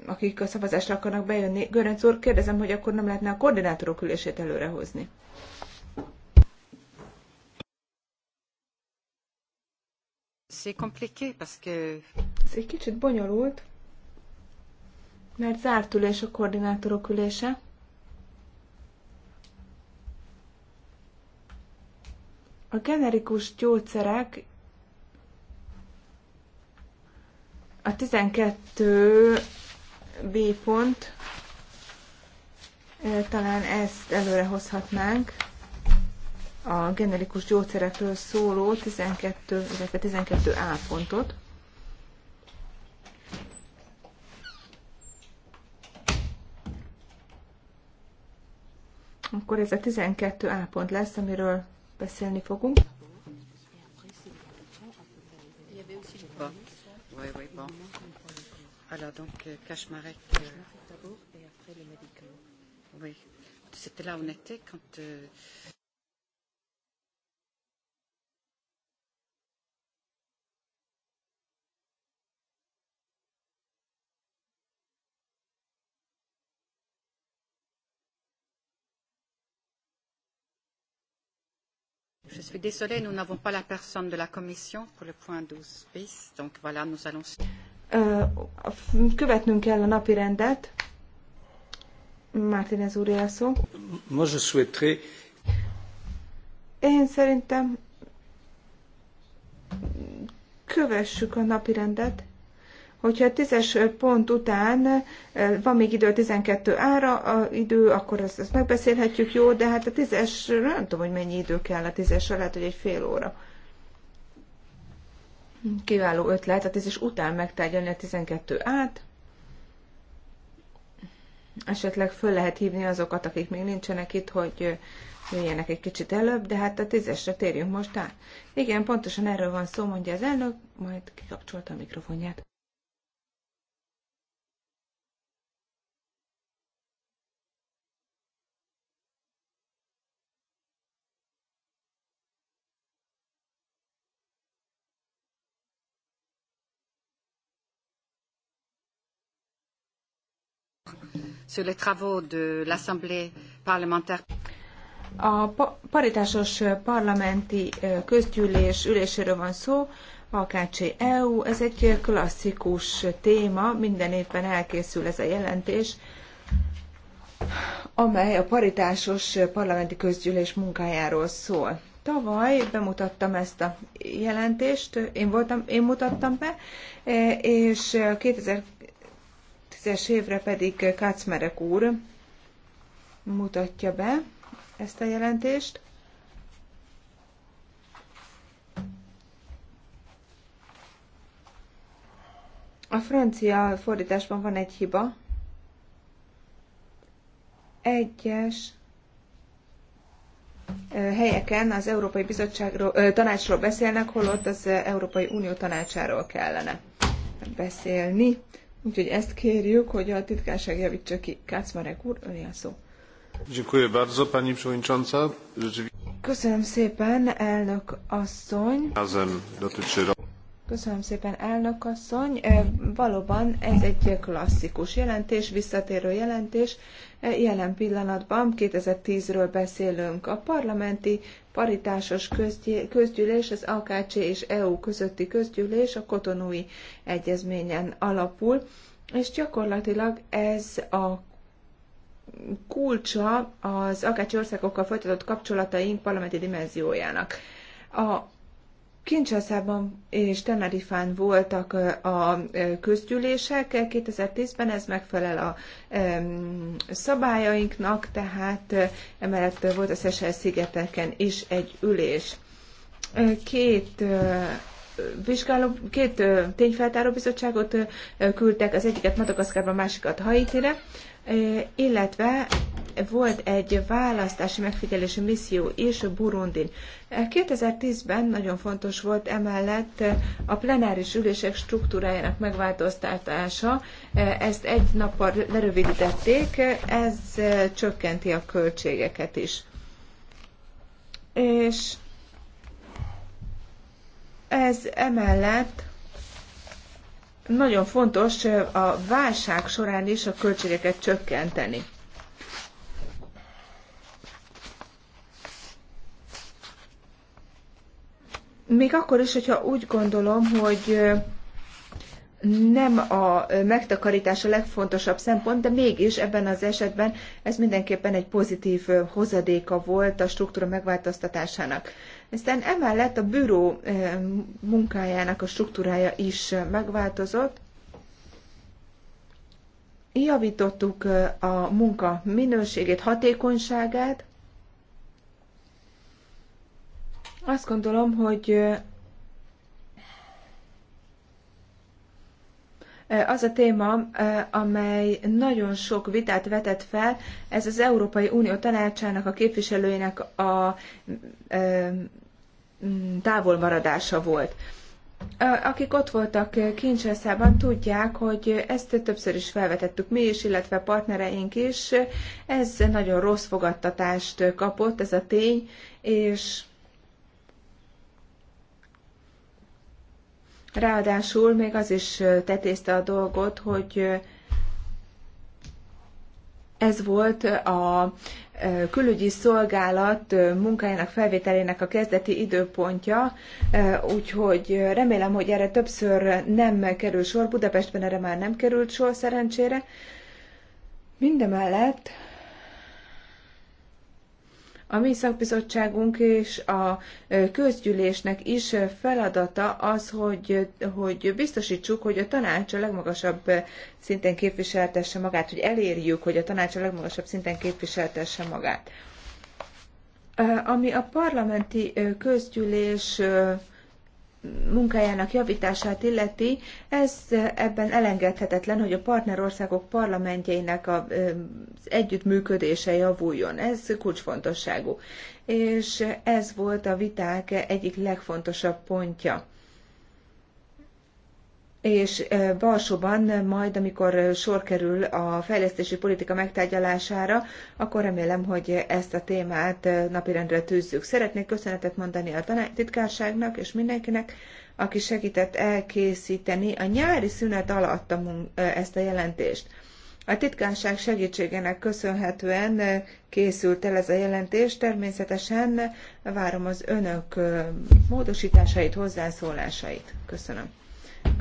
akik a szavazásra akarnak bejönni. Görenc úr, kérdezem, hogy akkor nem lehetne a koordinátorok ülését előrehozni? Ez egy kicsit bonyolult, mert zárt ülés a koordinátorok ülése. A generikus gyógyszerek a 12 B pont, eh, talán ezt előre hozhatnánk, a generikus gyógyszerekről szóló 12, illetve 12 A pontot. Akkor ez a 12 A pont lesz, amiről beszélni fogunk. Alors donc, euh, euh, Oui, c'était là où on était quand. Euh... Je suis désolée, nous n'avons pas la personne de la Commission pour le point 12 bis, donc voilà, nous allons... Követnünk kell a napi rendet. Martinez úr él szó. Moi, je souhaiterais... Én szerintem kövessük a napi rendet. Hogyha a tízes pont után eh, van még idő a 12 ára, a idő, akkor ezt, ezt megbeszélhetjük, jó, de hát a tízes, nem tudom, hogy mennyi idő kell a tízesre, lehet, hogy egy fél óra. Kiváló ötlet, a tízes után megtárgyalni a 12 át. Esetleg föl lehet hívni azokat, akik még nincsenek itt, hogy eh, jöjjenek egy kicsit előbb, de hát a tízesre térjünk most át. Igen, pontosan erről van szó, mondja az elnök, majd kikapcsolta a mikrofonját. sur les travaux de l'Assemblée parlementaire. A paritásos parlamenti közgyűlés üléséről van szó, AKC EU, ez egy klasszikus téma, minden évben elkészül ez a jelentés, amely a paritásos parlamenti közgyűlés munkájáról szól. Tavaly bemutattam ezt a jelentést, én, voltam, én mutattam be, és 2000 2010-es évre pedig Kacmerek úr mutatja be ezt a jelentést. A francia fordításban van egy hiba. Egyes helyeken az Európai Bizottságról, tanácsról beszélnek, holott az Európai Unió tanácsáról kellene beszélni. Úgyhogy ezt kérjük, hogy a titkárság javítsa ki. Kácmarek úr, öné a szó. Köszönöm szépen, elnök asszony. Köszönöm szépen, elnök asszony. Valóban ez egy klasszikus jelentés, visszatérő jelentés. Jelen pillanatban 2010-ről beszélünk. A parlamenti paritásos közgyűlés, az AKC és EU közötti közgyűlés a kotonói egyezményen alapul, és gyakorlatilag ez a kulcsa az AKC országokkal folytatott kapcsolataink parlamenti dimenziójának. A kinshasa és Tenerifán voltak a közgyűlések 2010-ben, ez megfelel a szabályainknak, tehát emellett volt a Szesel szigeteken is egy ülés. Két vizsgáló, két tényfeltáró bizottságot küldtek, az egyiket Madagaszkárban, másikat Haitire, illetve volt egy választási megfigyelési misszió is Burundin. 2010-ben nagyon fontos volt emellett a plenáris ülések struktúrájának megváltoztatása. Ezt egy nappal lerövidítették, ez csökkenti a költségeket is. És ez emellett nagyon fontos a válság során is a költségeket csökkenteni. még akkor is, hogyha úgy gondolom, hogy nem a megtakarítás a legfontosabb szempont, de mégis ebben az esetben ez mindenképpen egy pozitív hozadéka volt a struktúra megváltoztatásának. Aztán emellett a bűró munkájának a struktúrája is megváltozott. Javítottuk a munka minőségét, hatékonyságát, Azt gondolom, hogy az a téma, amely nagyon sok vitát vetett fel, ez az Európai Unió tanácsának, a képviselőinek a távolmaradása volt. Akik ott voltak kinshasa tudják, hogy ezt többször is felvetettük mi is, illetve partnereink is. Ez nagyon rossz fogadtatást kapott, ez a tény, és Ráadásul még az is tetézte a dolgot, hogy ez volt a külügyi szolgálat munkájának felvételének a kezdeti időpontja, úgyhogy remélem, hogy erre többször nem kerül sor. Budapestben erre már nem került sor szerencsére. Mindemellett a mi szakbizottságunk és a közgyűlésnek is feladata az, hogy, hogy biztosítsuk, hogy a tanács a legmagasabb szinten képviseltesse magát, hogy elérjük, hogy a tanács a legmagasabb szinten képviseltesse magát. Ami a parlamenti közgyűlés munkájának javítását illeti, ez ebben elengedhetetlen, hogy a partnerországok parlamentjeinek az együttműködése javuljon. Ez kulcsfontosságú. És ez volt a viták egyik legfontosabb pontja és Balsóban majd, amikor sor kerül a fejlesztési politika megtárgyalására, akkor remélem, hogy ezt a témát napirendre tűzzük. Szeretnék köszönetet mondani a titkárságnak és mindenkinek, aki segített elkészíteni a nyári szünet alatt a ezt a jelentést. A titkárság segítségének köszönhetően készült el ez a jelentés, természetesen várom az önök módosításait, hozzászólásait. Köszönöm.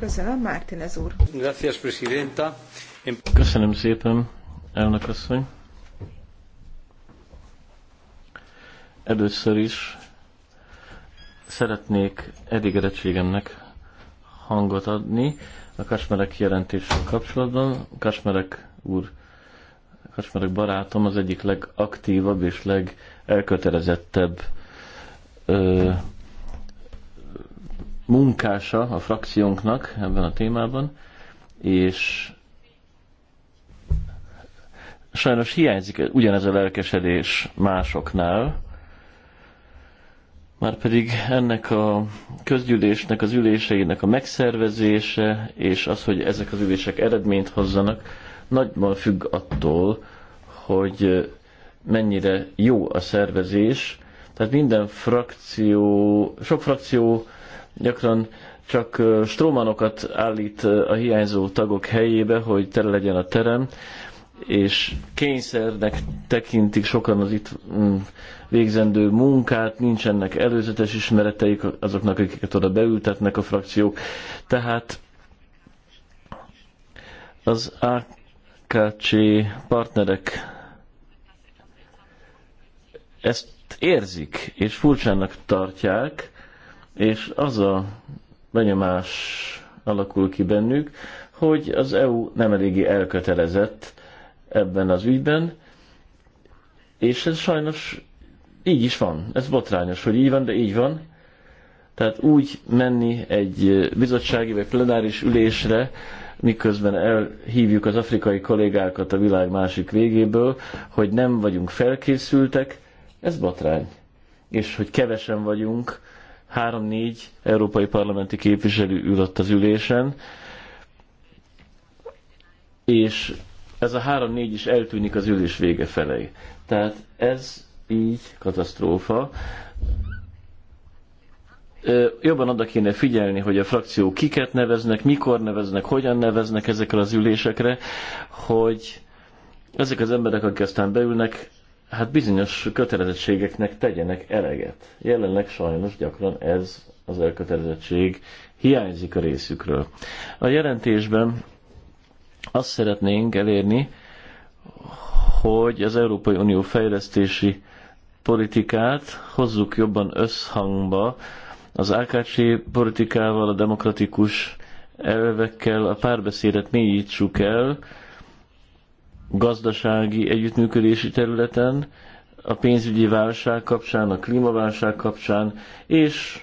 Köszönöm, Mártinez úr. Köszönöm szépen, elnök asszony. Először is szeretnék eddigrettségemnek hangot adni a Kasmerek jelentéssel kapcsolatban. Kasmerek úr, Kasmerek barátom az egyik legaktívabb és legelkötelezettebb ö, munkása a frakciónknak ebben a témában, és sajnos hiányzik ugyanez a lelkesedés másoknál, már pedig ennek a közgyűlésnek, az üléseinek a megszervezése, és az, hogy ezek az ülések eredményt hozzanak, nagyban függ attól, hogy mennyire jó a szervezés. Tehát minden frakció, sok frakció gyakran csak strómanokat állít a hiányzó tagok helyébe, hogy tele legyen a terem, és kényszernek tekintik sokan az itt mm, végzendő munkát, nincsenek előzetes ismereteik azoknak, akiket oda beültetnek a frakciók. Tehát az AKC partnerek ezt érzik, és furcsának tartják, és az a benyomás alakul ki bennük, hogy az EU nem eléggé elkötelezett ebben az ügyben, és ez sajnos így is van. Ez botrányos, hogy így van, de így van. Tehát úgy menni egy bizottsági vagy plenáris ülésre, miközben elhívjuk az afrikai kollégákat a világ másik végéből, hogy nem vagyunk felkészültek, ez botrány. És hogy kevesen vagyunk, három-négy európai parlamenti képviselő ül ott az ülésen, és ez a három-négy is eltűnik az ülés vége felé. Tehát ez így katasztrófa. Jobban oda kéne figyelni, hogy a frakció kiket neveznek, mikor neveznek, hogyan neveznek ezekre az ülésekre, hogy ezek az emberek, akik aztán beülnek, hát bizonyos kötelezettségeknek tegyenek eleget. Jelenleg sajnos gyakran ez az elkötelezettség hiányzik a részükről. A jelentésben azt szeretnénk elérni, hogy az Európai Unió fejlesztési politikát hozzuk jobban összhangba az AKC politikával, a demokratikus elvekkel, a párbeszédet mélyítsuk el, gazdasági együttműködési területen, a pénzügyi válság kapcsán, a klímaválság kapcsán, és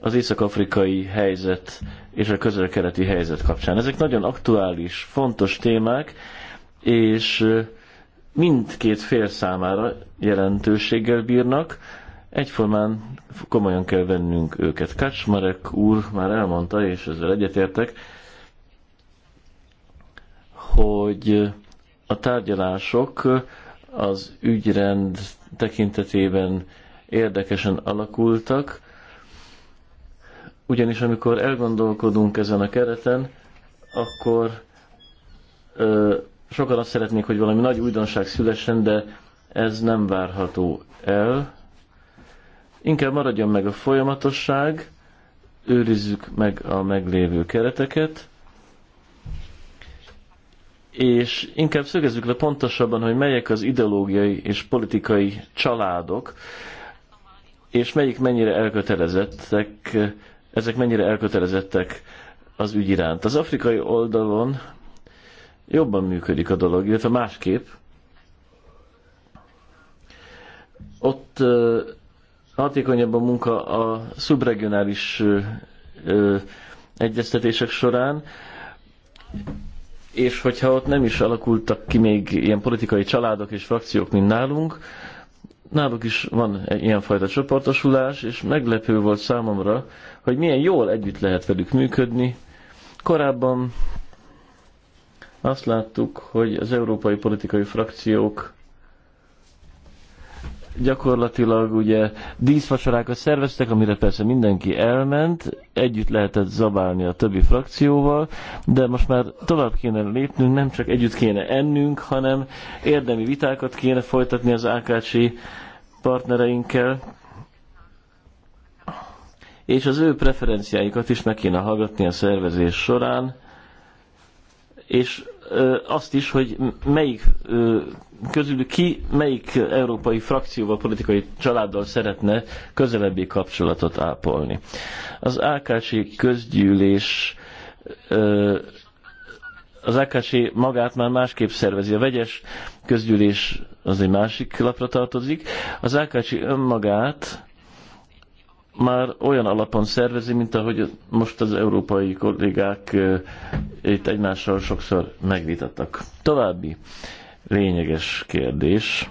az észak-afrikai helyzet és a közel-keleti helyzet kapcsán. Ezek nagyon aktuális, fontos témák, és mindkét fél számára jelentőséggel bírnak, egyformán komolyan kell vennünk őket. Kacsmarek úr már elmondta, és ezzel egyetértek, hogy a tárgyalások az ügyrend tekintetében érdekesen alakultak, ugyanis amikor elgondolkodunk ezen a kereten, akkor ö, sokan azt szeretnék, hogy valami nagy újdonság szülessen, de ez nem várható el. Inkább maradjon meg a folyamatosság, őrizzük meg a meglévő kereteket, és inkább szögezzük le pontosabban, hogy melyek az ideológiai és politikai családok, és melyik mennyire elkötelezettek, ezek mennyire elkötelezettek az ügy iránt. Az afrikai oldalon jobban működik a dolog, illetve másképp. Ott hatékonyabb a munka a szubregionális egyeztetések során és hogyha ott nem is alakultak ki még ilyen politikai családok és frakciók, mint nálunk, náluk is van egy ilyenfajta csoportosulás, és meglepő volt számomra, hogy milyen jól együtt lehet velük működni. Korábban azt láttuk, hogy az európai politikai frakciók gyakorlatilag ugye díszvacsorákat szerveztek, amire persze mindenki elment, együtt lehetett zabálni a többi frakcióval, de most már tovább kéne lépnünk, nem csak együtt kéne ennünk, hanem érdemi vitákat kéne folytatni az Ákácsi partnereinkkel, és az ő preferenciáikat is meg kéne hallgatni a szervezés során, és ö, azt is, hogy melyik ö, közülük ki melyik európai frakcióval, politikai családdal szeretne közelebbi kapcsolatot ápolni. Az Ákási közgyűlés az Ákási magát már másképp szervezi. A vegyes közgyűlés az egy másik lapra tartozik. Az Ákási önmagát már olyan alapon szervezi, mint ahogy most az európai kollégák itt egymással sokszor megvitattak. További lényeges kérdés.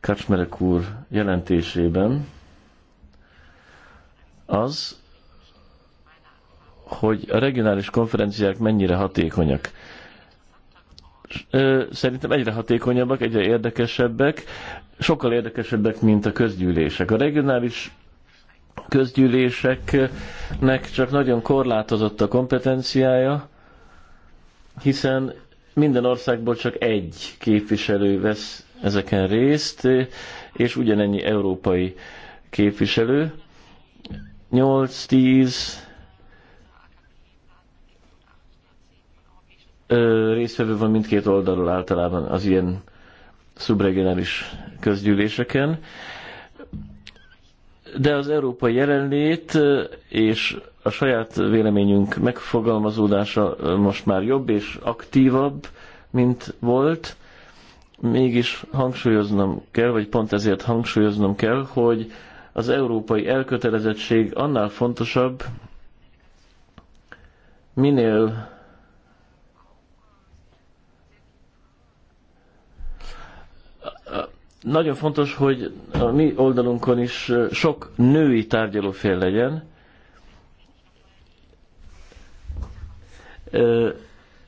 Kacsmerek úr jelentésében az, hogy a regionális konferenciák mennyire hatékonyak. Szerintem egyre hatékonyabbak, egyre érdekesebbek, sokkal érdekesebbek, mint a közgyűlések. A regionális közgyűléseknek csak nagyon korlátozott a kompetenciája, hiszen minden országból csak egy képviselő vesz ezeken részt, és ugyanennyi európai képviselő. 8-10 résztvevő van mindkét oldalról általában az ilyen szubregionális közgyűléseken de az európai jelenlét és a saját véleményünk megfogalmazódása most már jobb és aktívabb, mint volt. Mégis hangsúlyoznom kell, vagy pont ezért hangsúlyoznom kell, hogy az európai elkötelezettség annál fontosabb, minél Nagyon fontos, hogy a mi oldalunkon is sok női tárgyalófél legyen.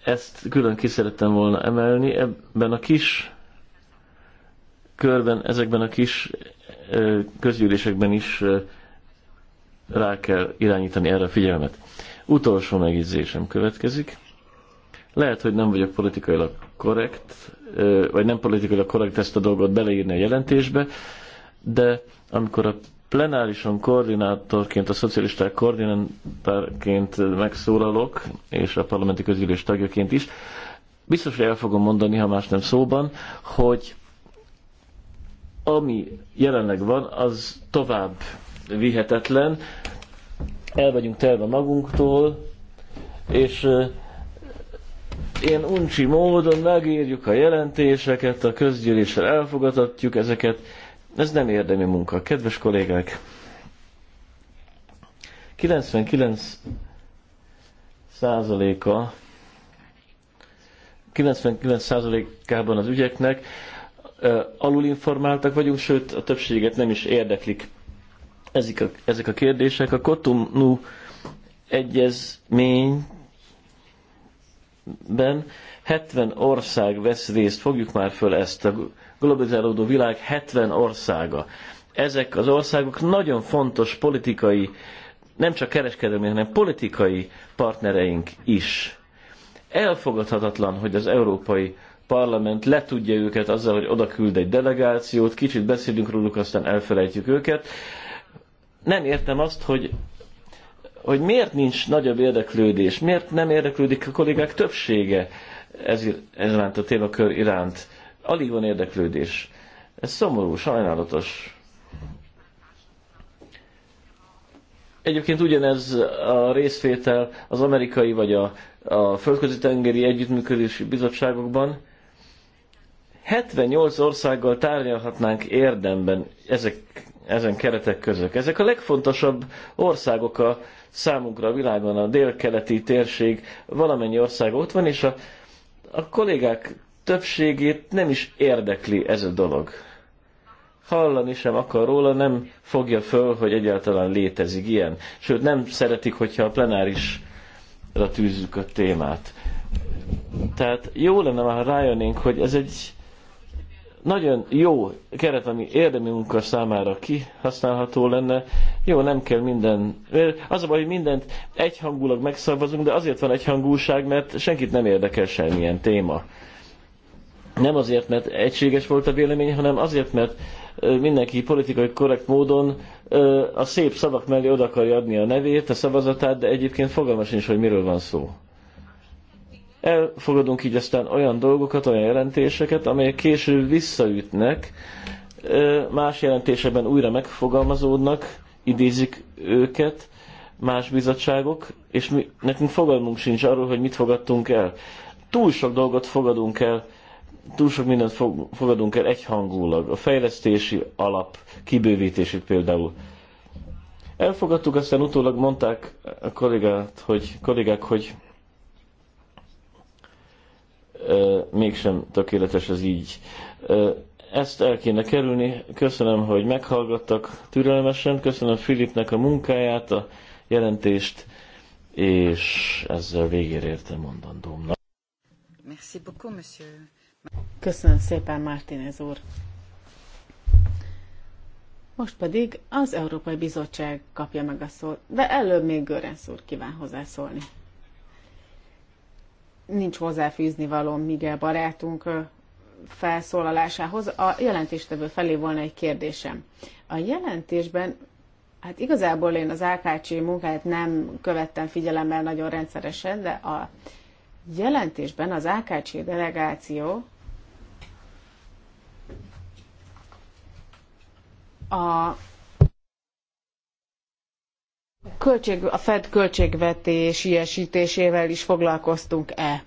Ezt külön ki szerettem volna emelni. Ebben a kis körben, ezekben a kis közgyűlésekben is rá kell irányítani erre a figyelmet. Utolsó megjegyzésem következik. Lehet, hogy nem vagyok politikailag korrekt, vagy nem politikailag korrekt ezt a dolgot beleírni a jelentésbe, de amikor a plenárison koordinátorként, a szocialisták koordinátorként megszólalok, és a parlamenti közülés tagjaként is, biztos, hogy el fogom mondani, ha más nem szóban, hogy ami jelenleg van, az tovább vihetetlen, el vagyunk telve magunktól, és ilyen uncsi módon megírjuk a jelentéseket, a közgyűléssel elfogadhatjuk ezeket. Ez nem érdemi munka, kedves kollégák. 99 százaléka 99 százalékában az ügyeknek alulinformáltak vagyunk, sőt a többséget nem is érdeklik ezek a, ezek a kérdések. A Kotumnu egyezményt ben 70 ország vesz részt, fogjuk már föl ezt a globalizálódó világ 70 országa. Ezek az országok nagyon fontos politikai, nem csak kereskedelmi, hanem politikai partnereink is. Elfogadhatatlan, hogy az Európai Parlament letudja őket azzal, hogy oda küld egy delegációt, kicsit beszélünk róluk, aztán elfelejtjük őket. Nem értem azt, hogy hogy miért nincs nagyobb érdeklődés, miért nem érdeklődik a kollégák többsége ez, ez iránt a témakör iránt. Alig van érdeklődés. Ez szomorú, sajnálatos. Egyébként ugyanez a részvétel az amerikai vagy a, a földközi tengeri együttműködési bizottságokban. 78 országgal tárgyalhatnánk érdemben ezek, ezen keretek között. Ezek a legfontosabb országok a számunkra a világon a délkeleti térség valamennyi ország ott van, és a, a kollégák többségét nem is érdekli ez a dolog. Hallani sem akar róla, nem fogja föl, hogy egyáltalán létezik ilyen. Sőt, nem szeretik, hogyha a plenárisra tűzzük a témát. Tehát jó lenne ha rájönnénk, hogy ez egy nagyon jó keret, ami érdemi munka számára kihasználható lenne. Jó, nem kell minden... Az a baj, hogy mindent egyhangulag megszavazunk, de azért van egyhangúság, mert senkit nem érdekel semmilyen téma. Nem azért, mert egységes volt a vélemény, hanem azért, mert mindenki politikai korrekt módon a szép szavak mellé oda akarja adni a nevét, a szavazatát, de egyébként fogalmas is, hogy miről van szó. Elfogadunk így aztán olyan dolgokat, olyan jelentéseket, amelyek később visszaütnek, más jelentéseben újra megfogalmazódnak, idézik őket más bizottságok, és mi, nekünk fogalmunk sincs arról, hogy mit fogadtunk el. Túl sok dolgot fogadunk el, túl sok mindent fogadunk el egyhangulag. A fejlesztési alap kibővítését például. Elfogadtuk, aztán utólag mondták a kollégát, hogy, kollégák, hogy mégsem tökéletes az így. Ezt el kéne kerülni. Köszönöm, hogy meghallgattak türelmesen, köszönöm Filipnek a munkáját, a jelentést, és ezzel végére értem mondandómnak. Merci beaucoup, monsieur. Köszönöm szépen, Mártinez úr. Most pedig az Európai Bizottság kapja meg a szót, de előbb még Görensz úr kíván hozzászólni nincs hozzáfűzni való Miguel barátunk felszólalásához. A jelentéstevő felé volna egy kérdésem. A jelentésben, hát igazából én az AKC munkáját nem követtem figyelemmel nagyon rendszeresen, de a jelentésben az AKC delegáció a Költség, a Fed költségvetés ilyesítésével is foglalkoztunk-e?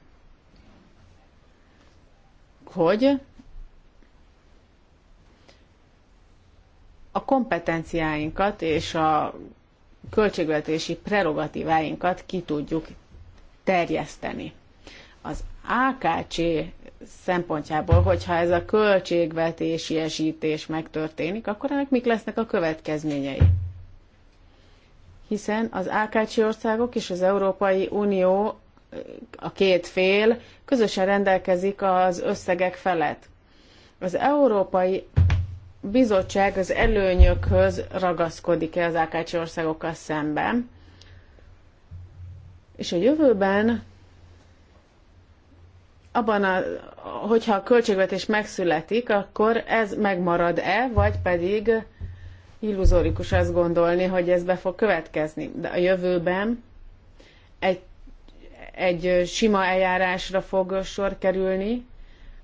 Hogy a kompetenciáinkat és a költségvetési prerogatíváinkat ki tudjuk terjeszteni. Az AKC szempontjából, hogyha ez a költségvetési esítés megtörténik, akkor ennek mik lesznek a következményei? hiszen az Ákácsi országok és az Európai Unió a két fél közösen rendelkezik az összegek felett. Az Európai Bizottság az előnyökhöz ragaszkodik-e az Ákácsi országokkal szemben, és a jövőben abban a, hogyha a költségvetés megszületik, akkor ez megmarad-e, vagy pedig illuzórikus azt gondolni, hogy ez be fog következni. De a jövőben egy, egy sima eljárásra fog sor kerülni,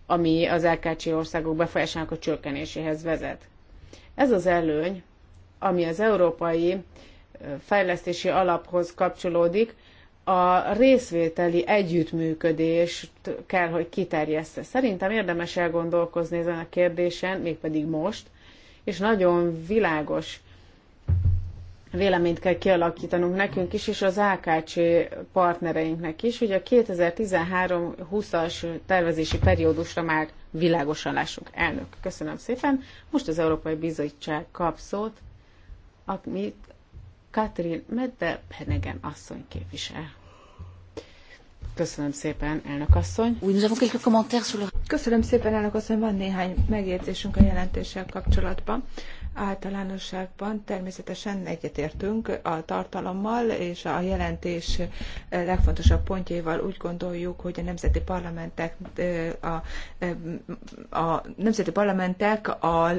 ami az LKC országok befolyásának a csökkenéséhez vezet. Ez az előny, ami az európai fejlesztési alaphoz kapcsolódik, a részvételi együttműködést kell, hogy kiterjeszte. Szerintem érdemes elgondolkozni ezen a kérdésen, mégpedig most, és nagyon világos véleményt kell kialakítanunk nekünk is, és az AKC partnereinknek is, hogy a 2013-20-as tervezési periódusra már világosan lássuk. Elnök, köszönöm szépen. Most az Európai Bizottság kap szót, amit Katrin Medde Penegen asszony képvisel. Köszönöm szépen, elnök asszony. Köszönöm szépen, elnök asszony. Van néhány megjegyzésünk a jelentéssel kapcsolatban. Általánosságban természetesen egyetértünk a tartalommal és a jelentés legfontosabb pontjaival úgy gondoljuk, hogy a nemzeti parlamentek eh, a, eh, a nemzeti parlamentek a,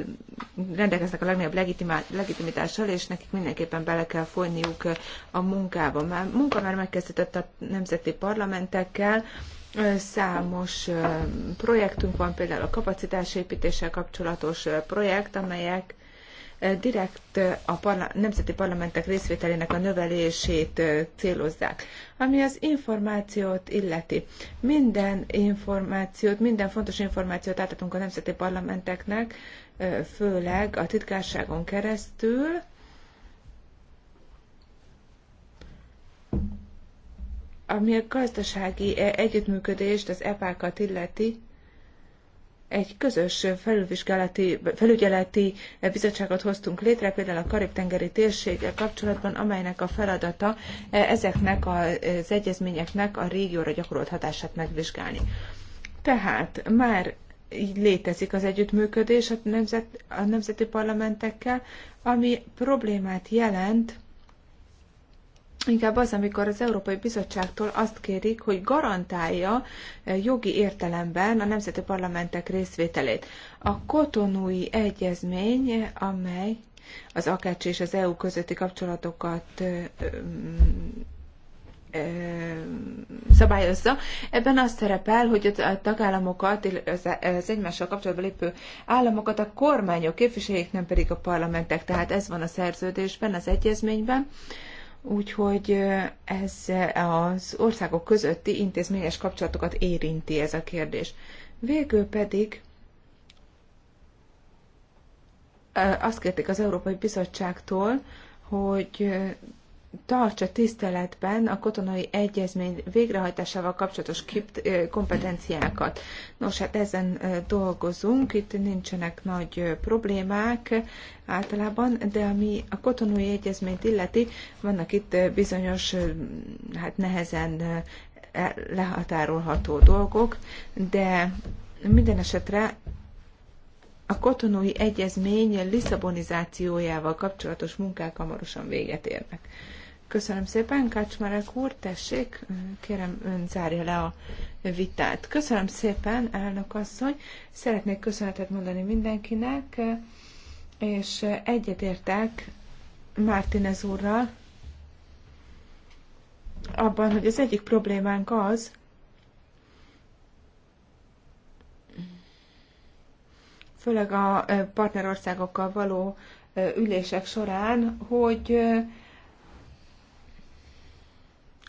rendelkeznek a legnagyobb legitimá, legitimitással, és nekik mindenképpen bele kell folyniuk a munkába. Már munka már megkezdődött a nemzeti parlamentekkel, Számos eh, projektünk van, például a kapacitásépítéssel kapcsolatos projekt, amelyek direkt a parla- nemzeti parlamentek részvételének a növelését célozzák. Ami az információt illeti, minden információt, minden fontos információt átadunk a nemzeti parlamenteknek, főleg a titkárságon keresztül, ami a gazdasági együttműködést, az epákat illeti, egy közös felülvizsgálati, felügyeleti bizottságot hoztunk létre, például a Karib-tengeri térséggel kapcsolatban, amelynek a feladata e, ezeknek az egyezményeknek a régióra gyakorolt hatását megvizsgálni. Tehát már így létezik az együttműködés a, nemzet, a nemzeti parlamentekkel, ami problémát jelent inkább az, amikor az Európai Bizottságtól azt kérik, hogy garantálja eh, jogi értelemben a nemzeti parlamentek részvételét. A kotonúi egyezmény, amely az AKC e és az EU közötti kapcsolatokat eh, eh, szabályozza. Ebben az szerepel, hogy a tagállamokat, az egymással kapcsolatban lépő államokat a kormányok képviseljék, nem pedig a parlamentek. Tehát ez van a szerződésben, az egyezményben. Úgyhogy ez az országok közötti intézményes kapcsolatokat érinti ez a kérdés. Végül pedig azt kérték az Európai Bizottságtól, hogy tartsa tiszteletben a katonai egyezmény végrehajtásával kapcsolatos kompetenciákat. Nos, hát ezen dolgozunk, itt nincsenek nagy problémák általában, de ami a katonai egyezményt illeti, vannak itt bizonyos, hát nehezen e, lehatárolható dolgok, de minden esetre a kotonói egyezmény Lisszabonizációjával kapcsolatos munkák hamarosan véget érnek. Köszönöm szépen, Kacsmarek úr, tessék, kérem ön zárja le a vitát. Köszönöm szépen, elnök asszony, szeretnék köszönetet mondani mindenkinek, és egyetértek Mártinez úrral abban, hogy az egyik problémánk az, főleg a partnerországokkal való ülések során, hogy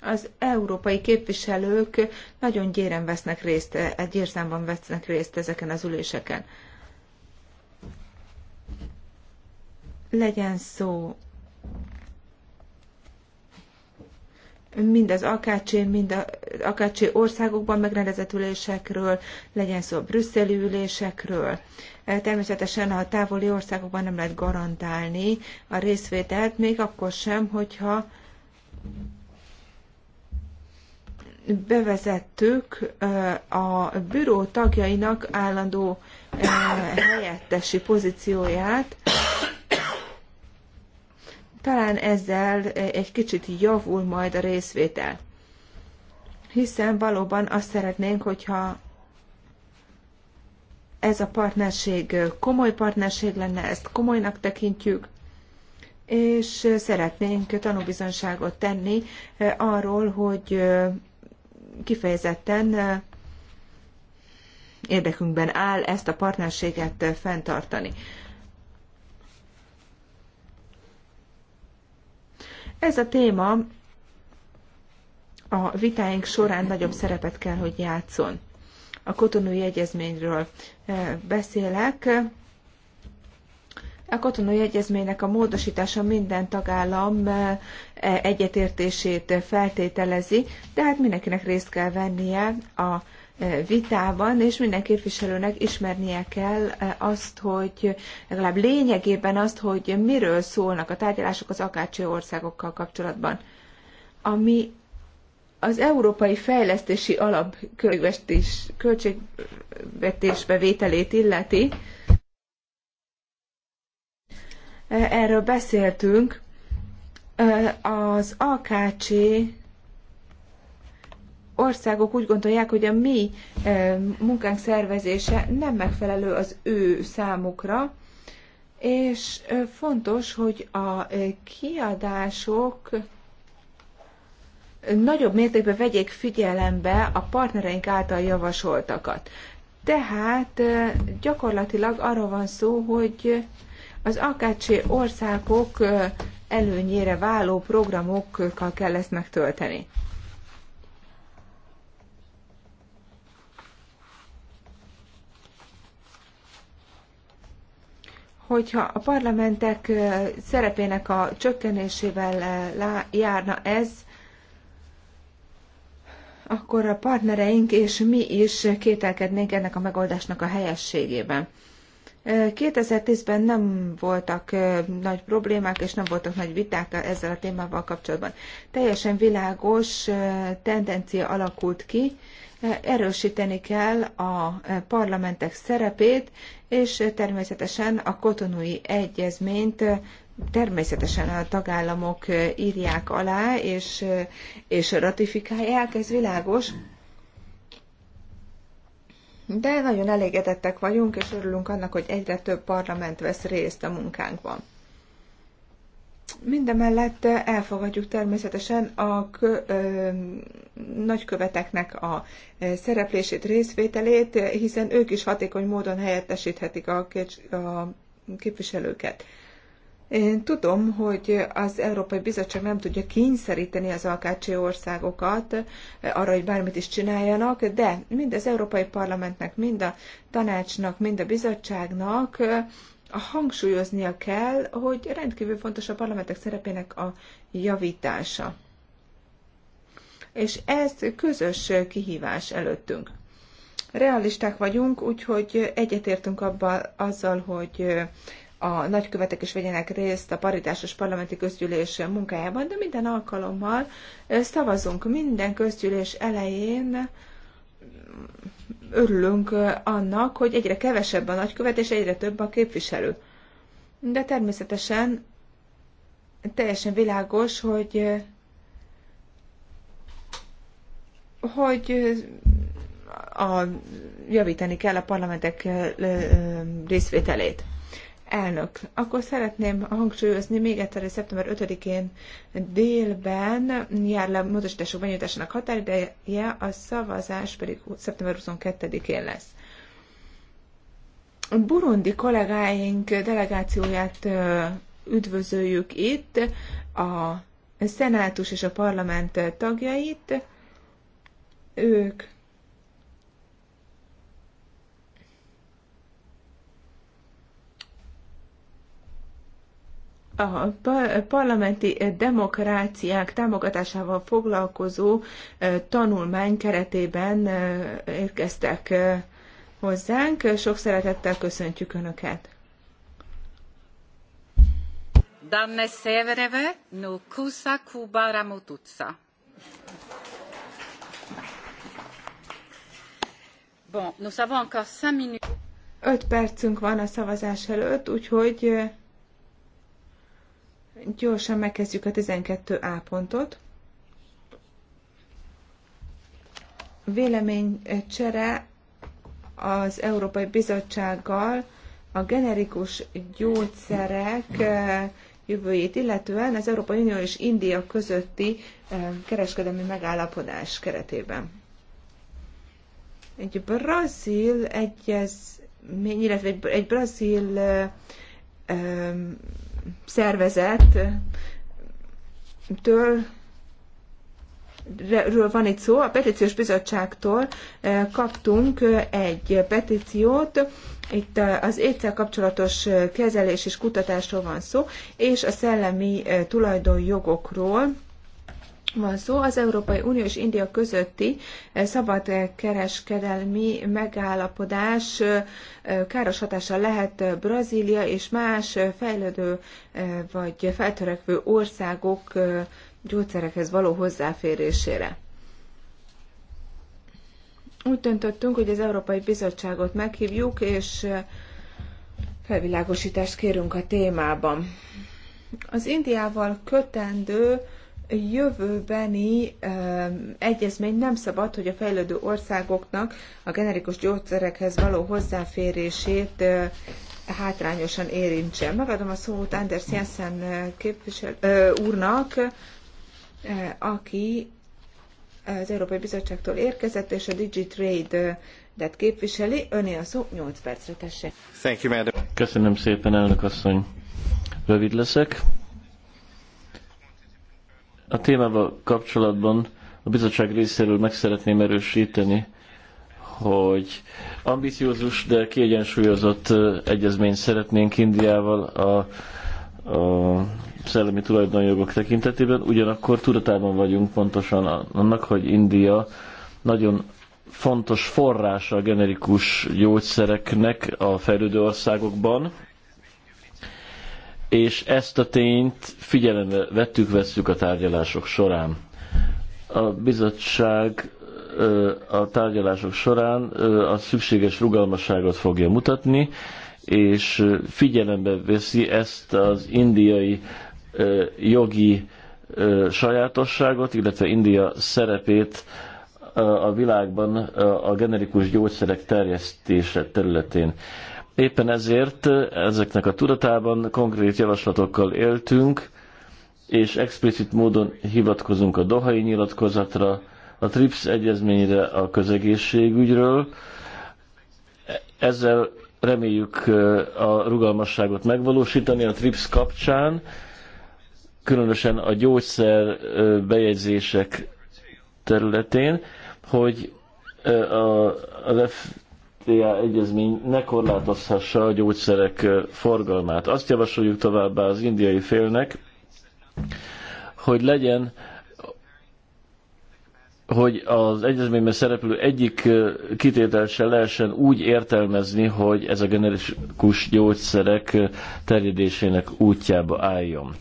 az európai képviselők nagyon gyéren vesznek részt, e, egy érzámban vesznek részt ezeken az üléseken. Legyen szó mind az akácsi, mind az akácsi országokban megrendezett ülésekről, legyen szó a brüsszeli ülésekről. E, természetesen a távoli országokban nem lehet garantálni a részvételt, még akkor sem, hogyha bevezettük a büró tagjainak állandó helyettesi pozícióját. Talán ezzel egy kicsit javul majd a részvétel. Hiszen valóban azt szeretnénk, hogyha ez a partnerség komoly partnerség lenne, ezt komolynak tekintjük, és szeretnénk tanúbizonságot tenni arról, hogy kifejezetten érdekünkben áll ezt a partnerséget fenntartani. Ez a téma a vitáink során nagyobb szerepet kell, hogy játszon. A kotonói egyezményről beszélek, a katonai egyezménynek a módosítása minden tagállam e, egyetértését feltételezi, tehát mindenkinek részt kell vennie a e, vitában, és minden képviselőnek ismernie kell e, azt, hogy legalább lényegében azt, hogy miről szólnak a tárgyalások az akácső országokkal kapcsolatban. Ami az Európai Fejlesztési Alap költségvetés, költségvetésbevételét illeti, erről beszéltünk, az AKC országok úgy gondolják, hogy a mi munkánk szervezése nem megfelelő az ő számukra, és fontos, hogy a kiadások nagyobb mértékben vegyék figyelembe a partnereink által javasoltakat. Tehát gyakorlatilag arról van szó, hogy az akácsi országok előnyére váló programokkal kell ezt megtölteni. hogyha a parlamentek szerepének a csökkenésével járna ez, akkor a partnereink és mi is kételkednénk ennek a megoldásnak a helyességében. 2010-ben nem voltak nagy problémák, és nem voltak nagy viták ezzel a témával kapcsolatban. Teljesen világos tendencia alakult ki, erősíteni kell a parlamentek szerepét, és természetesen a kotonui egyezményt természetesen a tagállamok írják alá, és, és ratifikálják, ez világos de nagyon elégedettek vagyunk, és örülünk annak, hogy egyre több parlament vesz részt a munkánkban. Mindemellett elfogadjuk természetesen a kö, ö, nagyköveteknek a szereplését, részvételét, hiszen ők is hatékony módon helyettesíthetik a, a képviselőket. Én tudom, hogy az Európai Bizottság nem tudja kényszeríteni az AKC országokat eh, arra, hogy bármit is csináljanak, de mind az Európai Parlamentnek, mind a tanácsnak, mind a bizottságnak eh, hangsúlyoznia kell, hogy rendkívül fontos a parlamentek szerepének a javítása. És ez közös kihívás előttünk. Realisták vagyunk, úgyhogy egyetértünk abban azzal, hogy eh, a nagykövetek is vegyenek részt a paritásos parlamenti közgyűlés munkájában, de minden alkalommal szavazunk minden közgyűlés elején, örülünk annak, hogy egyre kevesebb a nagykövet, és egyre több a képviselő. De természetesen teljesen világos, hogy hogy a, javítani kell a parlamentek részvételét. Elnök, akkor szeretném hangsúlyozni még egyszer, hogy szeptember 5-én délben jár le módosítások benyújtásának határideje, a szavazás pedig szeptember 22-én lesz. A burundi kollégáink delegációját üdvözöljük itt, a szenátus és a parlament tagjait. Ők a parlamenti demokráciák támogatásával foglalkozó tanulmány keretében érkeztek hozzánk. Sok szeretettel köszöntjük Önöket! Danne Severeve, no Kusa Kuba Mututsa. Bon, nous avons encore 5 minutes. 5 percünk van a szavazás előtt, úgyhogy Gyorsan megkezdjük a 12A pontot. Eh, csere az Európai Bizottsággal a generikus gyógyszerek eh, jövőjét, illetően az Európai Unió és India közötti eh, kereskedelmi megállapodás keretében. Egy brazil egyezmény, illetve egy, egy brazil szervezettől ről van itt szó, a petíciós bizottságtól eh, kaptunk eh, egy petíciót, itt eh, az étszel kapcsolatos kezelés és kutatásról van szó, és a szellemi tulajdonjogokról, van szó, az Európai Unió és India közötti eh, eh, kereskedelmi megállapodás eh, káros hatása lehet Brazília és más fejlődő vagy feltörekvő országok gyógyszerekhez való hozzáférésére. Úgy döntöttünk, hogy az Európai Bizottságot meghívjuk, és felvilágosítást kérünk a témában. Az Indiával kötendő jövőbeni egyezmény nem szabad, hogy a fejlődő országoknak a generikus gyógyszerekhez való hozzáférését hátrányosan érintse. Megadom a szót Anders Jensen képvisel, úrnak, aki az Európai Bizottságtól érkezett, és a DigiTrade de képviseli. Öné a szó, 8 percre tessék. Thank you, madam. Köszönöm szépen, elnök asszony. Rövid leszek. A témával kapcsolatban a bizottság részéről meg szeretném erősíteni, hogy ambiciózus, de kiegyensúlyozott egyezményt szeretnénk Indiával a, a szellemi tulajdonjogok tekintetében. Ugyanakkor tudatában vagyunk pontosan annak, hogy India nagyon fontos forrása a generikus gyógyszereknek a fejlődő országokban, és ezt a tényt figyelembe vettük, vesszük a tárgyalások során. A bizottság a tárgyalások során a szükséges rugalmasságot fogja mutatni, és figyelembe veszi ezt az indiai jogi sajátosságot, illetve India szerepét a világban a generikus gyógyszerek terjesztése területén. Éppen ezért eh, ezeknek a tudatában konkrét javaslatokkal éltünk, és explicit módon hivatkozunk a Dohai nyilatkozatra, a TRIPS egyezményre a közegészségügyről. Ezzel reméljük eh, a rugalmasságot megvalósítani a TRIPS kapcsán, különösen a gyógyszer eh, bejegyzések területén, hogy a, az FTA egyezmény ne korlátozhassa a gyógyszerek forgalmát. Azt javasoljuk továbbá az indiai félnek, hogy legyen hogy az egyezményben szereplő egyik kitétel se lehessen úgy értelmezni, hogy ez a generikus gyógyszerek terjedésének útjába álljon.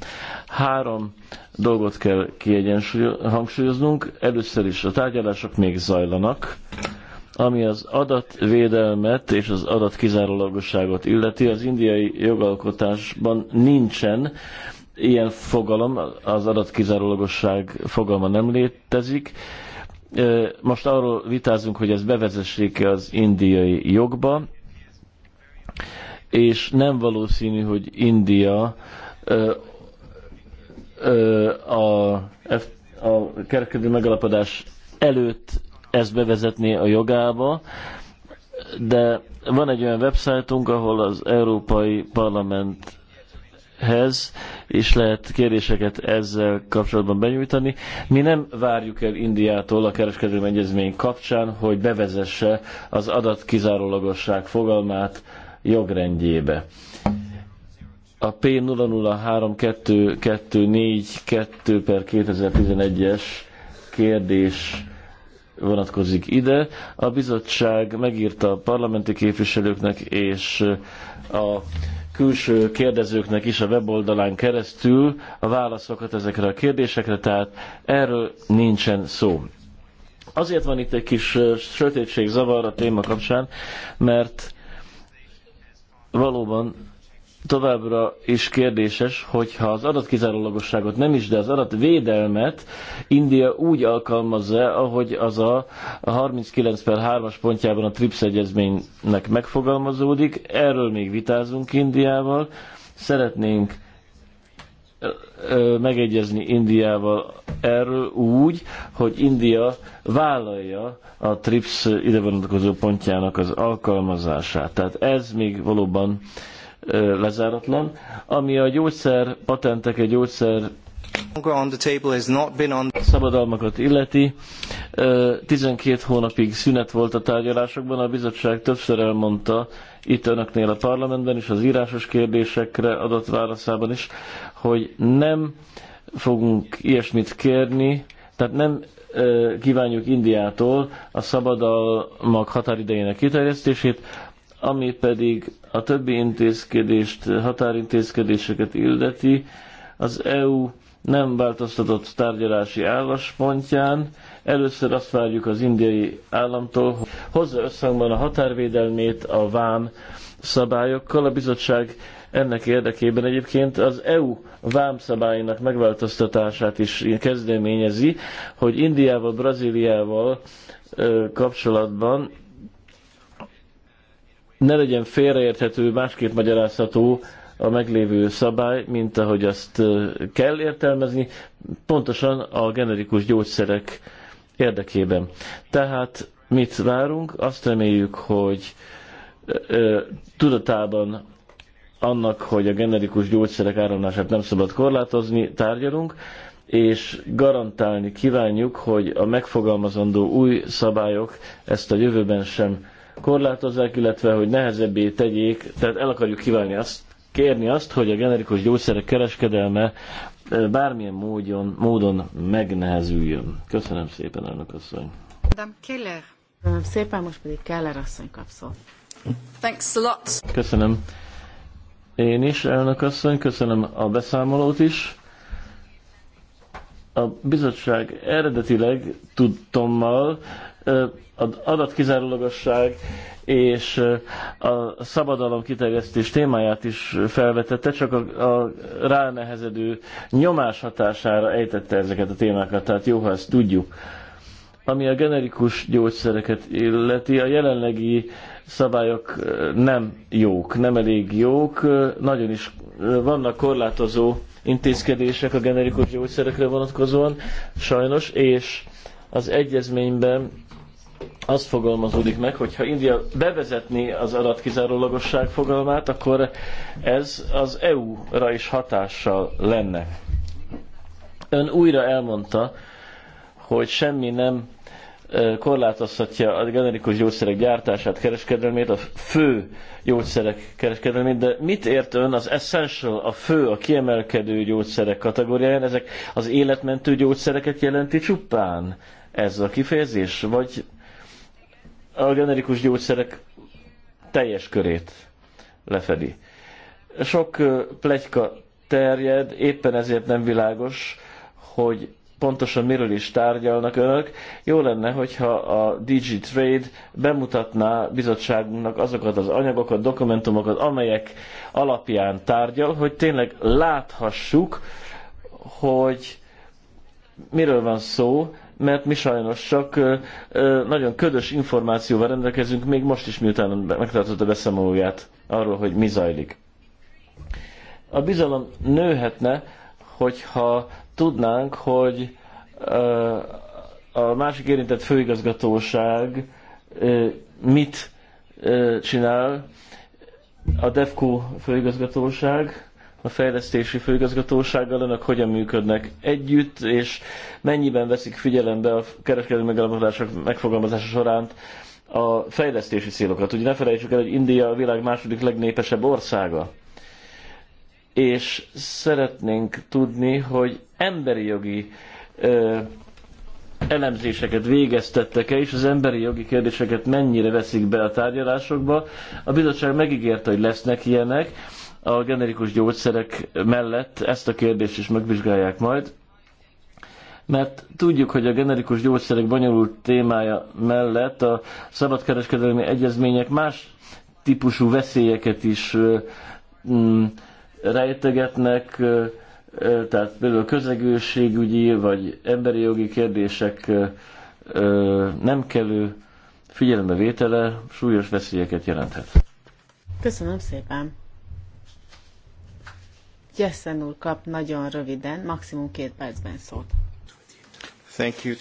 Három dolgot kell hangsúlyoznunk. Először is a tárgyalások még zajlanak ami az adatvédelmet és az adatkizárólagosságot illeti, az indiai jogalkotásban nincsen ilyen fogalom, az adatkizárólagosság fogalma nem létezik. Most arról vitázunk, hogy ez bevezessék-e az indiai jogba, és nem valószínű, hogy India a, kerekedő megalapodás előtt ezt bevezetni a jogába, de van egy olyan websájtunk, ahol az Európai Parlamenthez is lehet kérdéseket ezzel kapcsolatban benyújtani. Mi nem várjuk el Indiától a kereskedelmi egyezmény kapcsán, hogy bevezesse az adatkizárólagosság fogalmát jogrendjébe a P0032224 per 2011-es kérdés vonatkozik ide. A bizottság megírta a parlamenti képviselőknek és a külső kérdezőknek is a weboldalán keresztül a válaszokat ezekre a kérdésekre, tehát erről nincsen szó. Azért van itt egy kis sötétség, zavar a téma kapcsán, mert valóban továbbra is kérdéses, hogyha az adatkizárólagosságot nem is, de az adatvédelmet India úgy alkalmazza, ahogy az a 39 per 3-as pontjában a TRIPS egyezménynek megfogalmazódik. Erről még vitázunk Indiával. Szeretnénk megegyezni Indiával erről úgy, hogy India vállalja a TRIPS ide vonatkozó pontjának az alkalmazását. Tehát ez még valóban lezáratlan, ami a gyógyszer patentek, a gyógyszer szabadalmakat illeti. 12 hónapig szünet volt a tárgyalásokban, a bizottság többször elmondta itt önöknél a parlamentben is, az írásos kérdésekre adott válaszában is, hogy nem fogunk ilyesmit kérni, tehát nem kívánjuk Indiától a szabadalmak határidejének kiterjesztését, ami pedig a többi intézkedést, határintézkedéseket illeti, az EU nem változtatott tárgyalási álláspontján. Először azt várjuk az indiai államtól, hogy hozza összhangban a határvédelmét a vám szabályokkal. A bizottság ennek érdekében egyébként az EU vám szabályainak megváltoztatását is kezdeményezi, hogy Indiával, Brazíliával kapcsolatban ne legyen félreérthető, másképp magyarázható a meglévő szabály, mint ahogy azt kell értelmezni, pontosan a generikus gyógyszerek érdekében. Tehát mit várunk? Azt reméljük, hogy tudatában annak, hogy a generikus gyógyszerek áramlását nem szabad korlátozni, tárgyalunk, és garantálni kívánjuk, hogy a megfogalmazandó új szabályok ezt a jövőben sem korlátozzák, illetve hogy nehezebbé tegyék, tehát el akarjuk kívánni azt, kérni azt, hogy a generikus gyógyszerek kereskedelme bármilyen módon, módon megnehezüljön. Köszönöm szépen, elnök asszony. Keller. Köszönöm szépen, most pedig Keller asszony kap Thanks a lot. Köszönöm. Én is, elnök asszony, köszönöm a beszámolót is. A bizottság eredetileg tudtommal az adatkizárólagosság és a szabadalom kiterjesztés témáját is felvetette, csak a, a ránehezedő nyomás hatására ejtette ezeket a témákat, tehát jó, ha ezt tudjuk. Ami a generikus gyógyszereket illeti, a jelenlegi szabályok nem jók, nem elég jók, nagyon is vannak korlátozó intézkedések a generikus gyógyszerekre vonatkozóan, sajnos, és az egyezményben az fogalmazódik meg, hogy ha India bevezetné az adatkizárólagosság fogalmát, akkor ez az EU-ra is hatással lenne. Ön újra elmondta, hogy semmi nem korlátozhatja a generikus gyógyszerek gyártását, kereskedelmét, a fő gyógyszerek kereskedelmét, de mit ért ön az essential, a fő, a kiemelkedő gyógyszerek kategóriáján? Ezek az életmentő gyógyszereket jelenti csupán ez a kifejezés, vagy a generikus gyógyszerek teljes körét lefedi. Sok plegyka terjed, éppen ezért nem világos, hogy pontosan miről is tárgyalnak önök. Jó lenne, hogyha a DigiTrade bemutatná bizottságunknak azokat az anyagokat, dokumentumokat, amelyek alapján tárgyal, hogy tényleg láthassuk, hogy miről van szó, mert mi sajnos csak nagyon ködös információval rendelkezünk, még most is miután megtartott a beszámolóját arról, hogy mi zajlik. A bizalom nőhetne, hogyha tudnánk, hogy a másik érintett főigazgatóság mit csinál, a DEFCO főigazgatóság, a fejlesztési főigazgatósággal önök hogyan működnek együtt, és mennyiben veszik figyelembe a kereskedelmi megállapodások megfogalmazása során a fejlesztési célokat. Ugye ne felejtsük el, hogy India a világ második legnépesebb országa. És szeretnénk tudni, hogy emberi jogi ö, elemzéseket végeztettek-e, és az emberi jogi kérdéseket mennyire veszik be a tárgyalásokba. A bizottság megígérte, hogy lesznek ilyenek a generikus gyógyszerek mellett ezt a kérdést is megvizsgálják majd, mert tudjuk, hogy a generikus gyógyszerek bonyolult témája mellett a szabadkereskedelmi egyezmények más típusú veszélyeket is mm, rejtegetnek, tehát például közegőségügyi vagy emberi jogi kérdések nem kellő vétele súlyos veszélyeket jelenthet. Köszönöm szépen! Jessen úr kap nagyon röviden, maximum két percben szót. Thank you,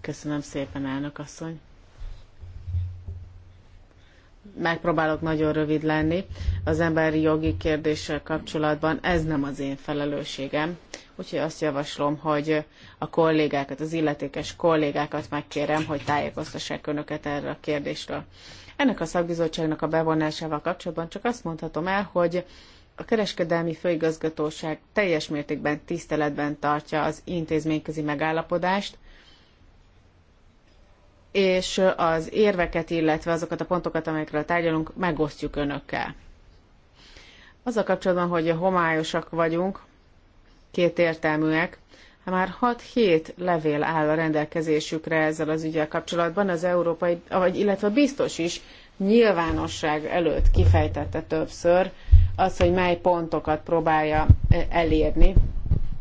Köszönöm szépen, elnök asszony. Megpróbálok nagyon rövid lenni. Az emberi jogi kérdéssel kapcsolatban ez nem az én felelősségem, úgyhogy azt javaslom, hogy a kollégákat, az illetékes kollégákat megkérem, hogy tájékoztassák önöket erre a kérdésről. Ennek a szakbizottságnak a bevonásával kapcsolatban csak azt mondhatom el, hogy a kereskedelmi főigazgatóság teljes mértékben tiszteletben tartja az intézményközi megállapodást, és az érveket, illetve azokat a pontokat, amelyekről tárgyalunk, megosztjuk önökkel. Az a kapcsolatban, hogy homályosak vagyunk, kétértelműek, már 6-7 levél áll a rendelkezésükre ezzel az ügyel kapcsolatban, az európai, vagy illetve biztos is nyilvánosság előtt kifejtette többször, az, hogy mely pontokat próbálja e, elérni.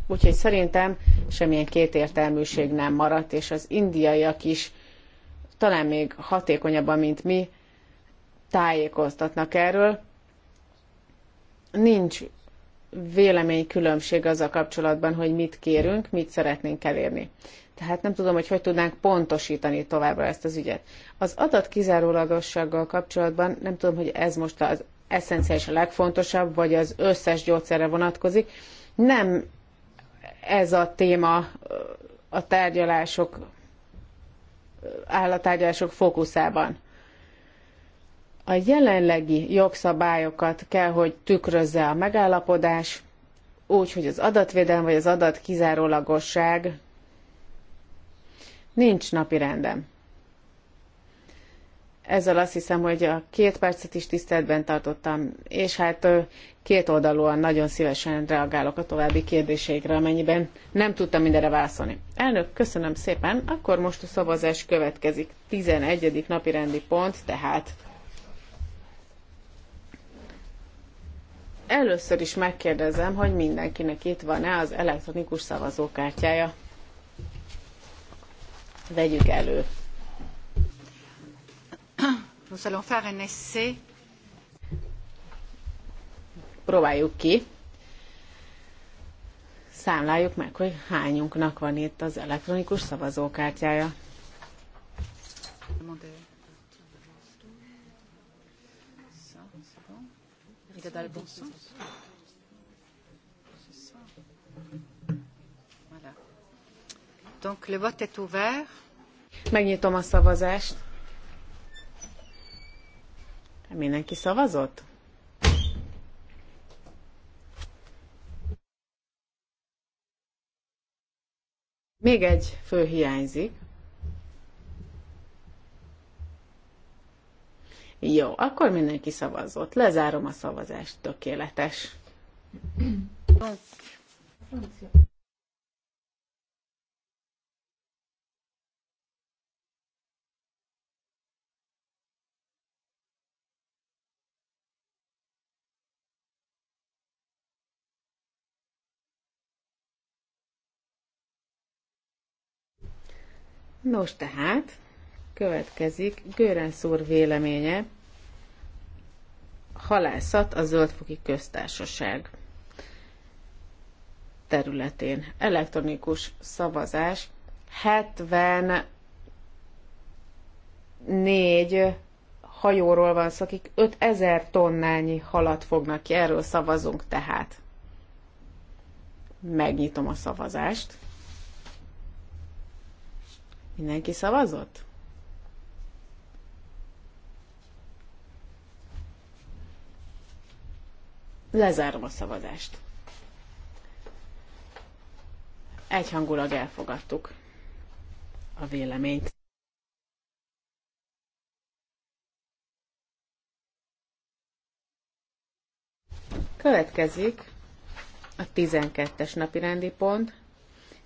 Úgyhogy szerintem semmilyen kétértelműség nem maradt, és az indiaiak is talán még hatékonyabban, mint mi, tájékoztatnak erről. Nincs véleménykülönbség az a kapcsolatban, hogy mit kérünk, mit szeretnénk elérni. Tehát nem tudom, hogy hogy tudnánk pontosítani továbbra ezt az ügyet. Az adat kizárólagossággal kapcsolatban nem tudom, hogy ez most az eszenciális a legfontosabb, vagy az összes gyógyszerre vonatkozik. Nem ez a téma a tárgyalások, áll a tárgyalások fókuszában. A jelenlegi jogszabályokat kell, hogy tükrözze a megállapodás, úgy, hogy az adatvédelem vagy az adat kizárólagosság nincs napirenden ezzel azt hiszem, hogy a két percet is tiszteletben tartottam, és hát két oldalúan nagyon szívesen reagálok a további kérdéseikre, amennyiben nem tudtam mindenre válaszolni. Elnök, köszönöm szépen, akkor most a szavazás következik. 11. napi rendi pont, tehát először is megkérdezem, hogy mindenkinek itt van-e az elektronikus szavazókártyája. Vegyük elő. Nous allons faire un essai. Próbáljuk ki. Számláljuk meg, hogy hányunknak van itt az elektronikus szavazókártyája. Il Donc le vote est ouvert. Megnyitom a szavazást. Mindenki szavazott? Még egy fő hiányzik. Jó, akkor mindenki szavazott. Lezárom a szavazást. Tökéletes. Donc, Nos tehát, következik Görenc úr véleménye, halászat a Zöldfoki Köztársaság területén. Elektronikus szavazás 74 hajóról van szó, akik 5000 tonnányi halat fognak ki, erről szavazunk tehát. Megnyitom a szavazást. Mindenki szavazott? Lezárom a szavazást. Egyhangulag elfogadtuk a véleményt. Következik a 12-es napi rendi pont,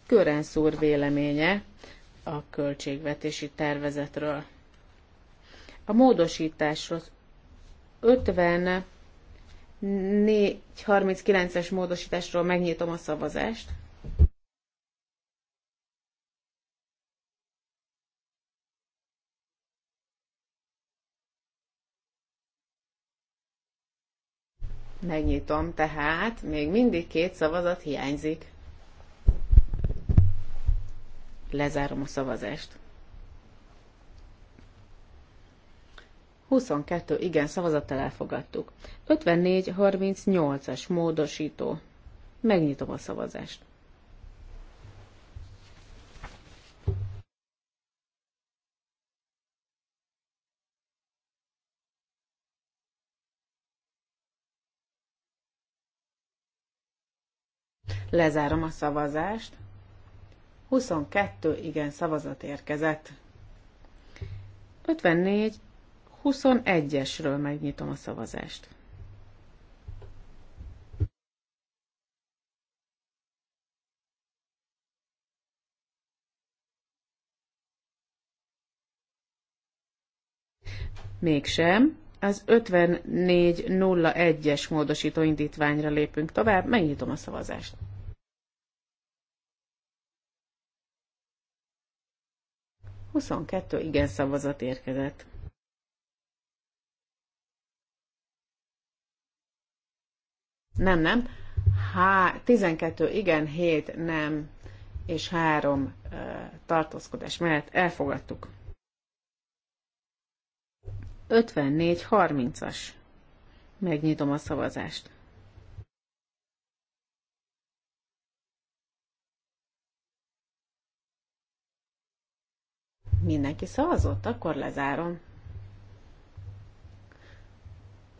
Körenszúr véleménye a költségvetési tervezetről. A módosításról 50 439-es módosításról megnyitom a szavazást. Megnyitom, tehát még mindig két szavazat hiányzik. Lezárom a szavazást. 22 igen szavazattal elfogadtuk. 54-38-as módosító. Megnyitom a szavazást. Lezárom a szavazást. 22 igen szavazat érkezett. 54 21-esről megnyitom a szavazást. Mégsem. Az 54.01-es módosító indítványra lépünk tovább, megnyitom a szavazást. 22 igen szavazat érkezett. Nem, nem. Há, 12 igen, 7 nem, és 3 ö, tartózkodás mellett elfogadtuk. 54-30-as. Megnyitom a szavazást. 54-30. Mindenki szavazott, akkor lezárom.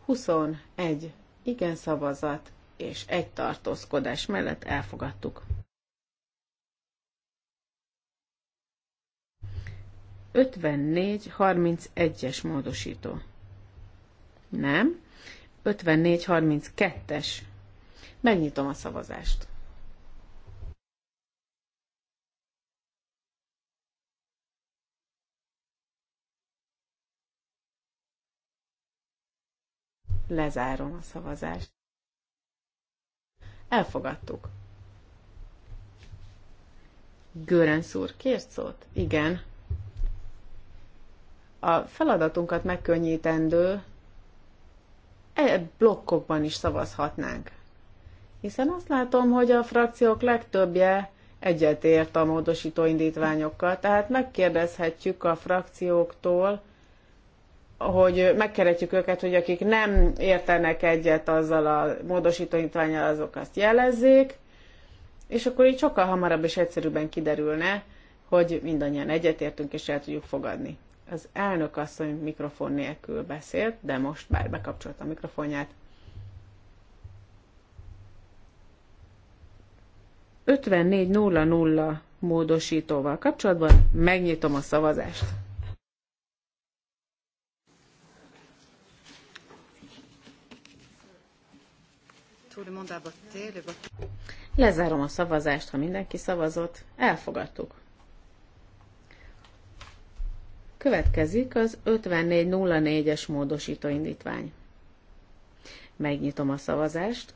21 igen szavazat és egy tartózkodás mellett elfogadtuk. 54-31-es módosító. Nem. 54-32-es. Megnyitom a szavazást. Lezárom a szavazást. Elfogadtuk. Görenc úr, kért szót? Igen. A feladatunkat megkönnyítendő e blokkokban is szavazhatnánk. Hiszen azt látom, hogy a frakciók legtöbbje egyetért a módosító indítványokkal, tehát megkérdezhetjük a frakcióktól, hogy megkeretjük őket, hogy akik nem értenek egyet azzal a módosítóintványjal, azok azt jelezzék, és akkor így sokkal hamarabb és egyszerűbben kiderülne, hogy mindannyian egyetértünk és el tudjuk fogadni. Az elnök asszony mikrofon nélkül beszélt, de most bár bekapcsolta a mikrofonját. 54.00 módosítóval kapcsolatban megnyitom a szavazást. Lezárom a szavazást, ha mindenki szavazott. Elfogadtuk. Következik az 5404-es módosítóindítvány. Megnyitom a szavazást.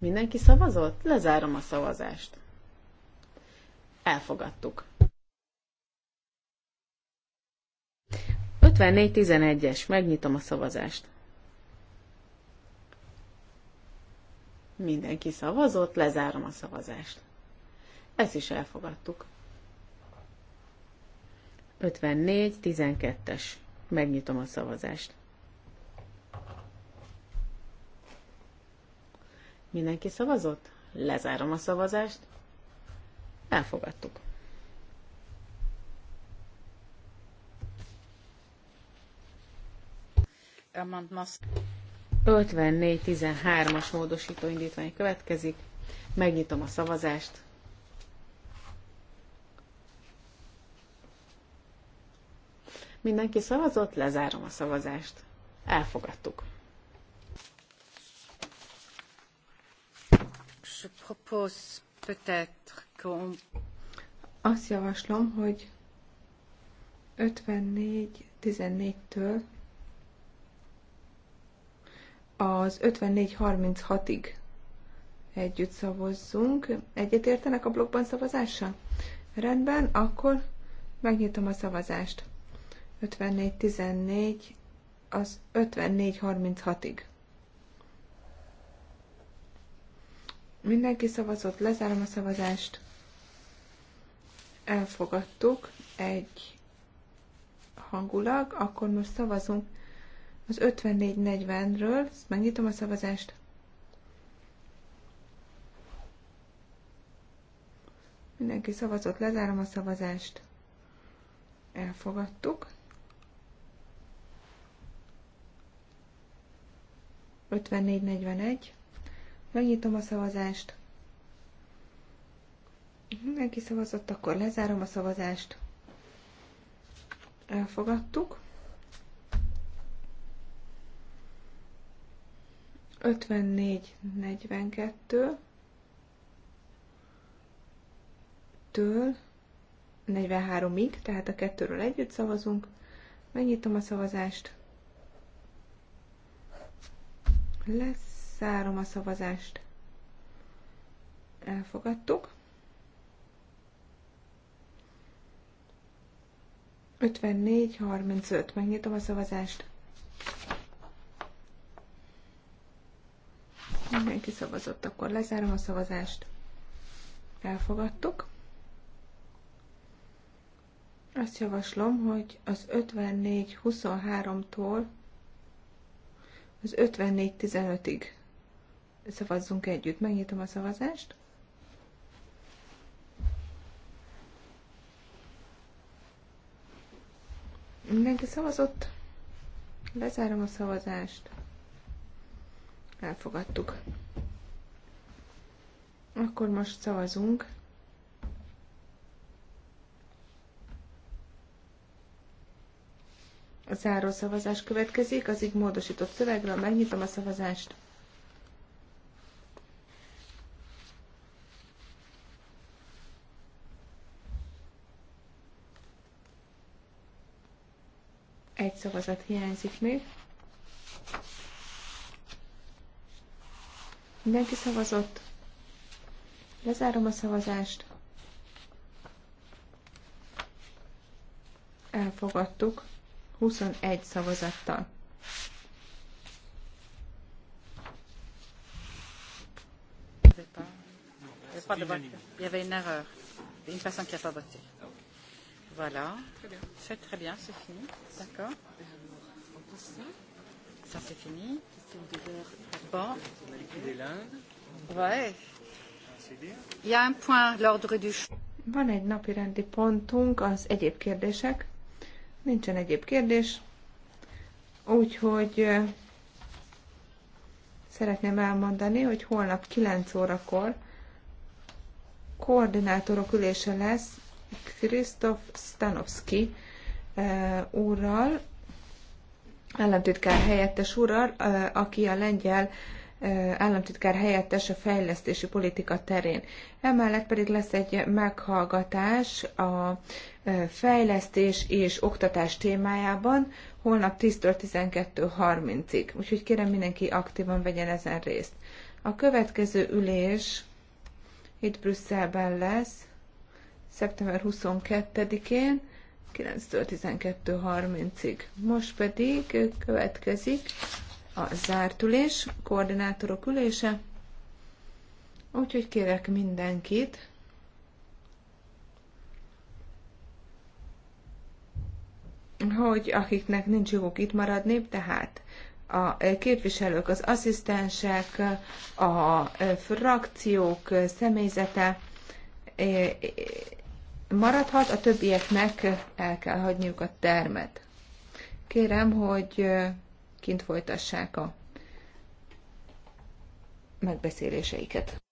Mindenki szavazott? Lezárom a szavazást. Elfogadtuk. 5411-es. Megnyitom a szavazást. Mindenki szavazott, lezárom a szavazást. Ezt is elfogadtuk. 54-12-es. Megnyitom a szavazást. Mindenki szavazott? Lezárom a szavazást. Elfogadtuk. Amendment 54-13-as módosító indítvány következik. Megnyitom a szavazást. Mindenki szavazott, lezárom a szavazást. Elfogadtuk. Azt javaslom, hogy 54-14-től az 54-36-ig együtt szavazzunk. Egyetértenek a blogban szavazással? Rendben, akkor megnyitom a szavazást. 54-14 az 54-36-ig. Mindenki szavazott, lezárom a szavazást. Elfogadtuk egy hangulag, akkor most szavazunk az 54-40-ről, megnyitom a szavazást. Mindenki szavazott, lezárom a szavazást. Elfogadtuk. 54-41. Megnyitom a szavazást. Mindenki szavazott, akkor lezárom a szavazást. Elfogadtuk. 54-42 től 43-ig, tehát a kettőről együtt szavazunk. Megnyitom a szavazást. Leszárom a szavazást. Elfogadtuk. 54-35. Megnyitom a szavazást. Mindenki szavazott, akkor lezárom a szavazást. Elfogadtuk. Azt javaslom, hogy az 54-23-tól az 54-15-ig szavazzunk együtt. Megnyitom a szavazást. Mindenki szavazott? Lezárom a szavazást. Elfogadtuk. Akkor most szavazunk. A záró szavazás következik, az így módosított szövegről megnyitom a szavazást. Egy szavazat hiányzik még. Mindenki szavazott. Lezárom a szavazást. Elfogadtuk 21 szavazattal. pas de vote. Il y avait une erreur. Une personne qui n'a pas voté. Voilà. C'est très bien, c'est fini. D'accord. Ça, c'est fini. Bon. Ouais. Il y a un point l'ordre du Van egy napi rendi pontunk, az egyéb kérdések. Nincsen egyéb kérdés. Úgyhogy szeretném elmondani, hogy holnap 9 órakor koordinátorok ülése lesz Krisztof Stanovski úrral, államtitkár helyettes úrral, aki a lengyel államtitkár helyettes a fejlesztési politika terén. Emellett pedig lesz egy meghallgatás a fejlesztés és oktatás témájában, holnap 10-től 12.30-ig. Úgyhogy kérem mindenki aktívan vegyen ezen részt. A következő ülés itt Brüsszelben lesz, szeptember 22-én, 9-től 12.30-ig. Most pedig következik a zártülés, koordinátorok ülése, úgyhogy kérek mindenkit, hogy akiknek nincs joguk itt maradni, tehát a képviselők, az asszisztensek, a frakciók személyzete, maradhat, a többieknek el kell hagyniuk a termet. Kérem, hogy kint folytassák a megbeszéléseiket.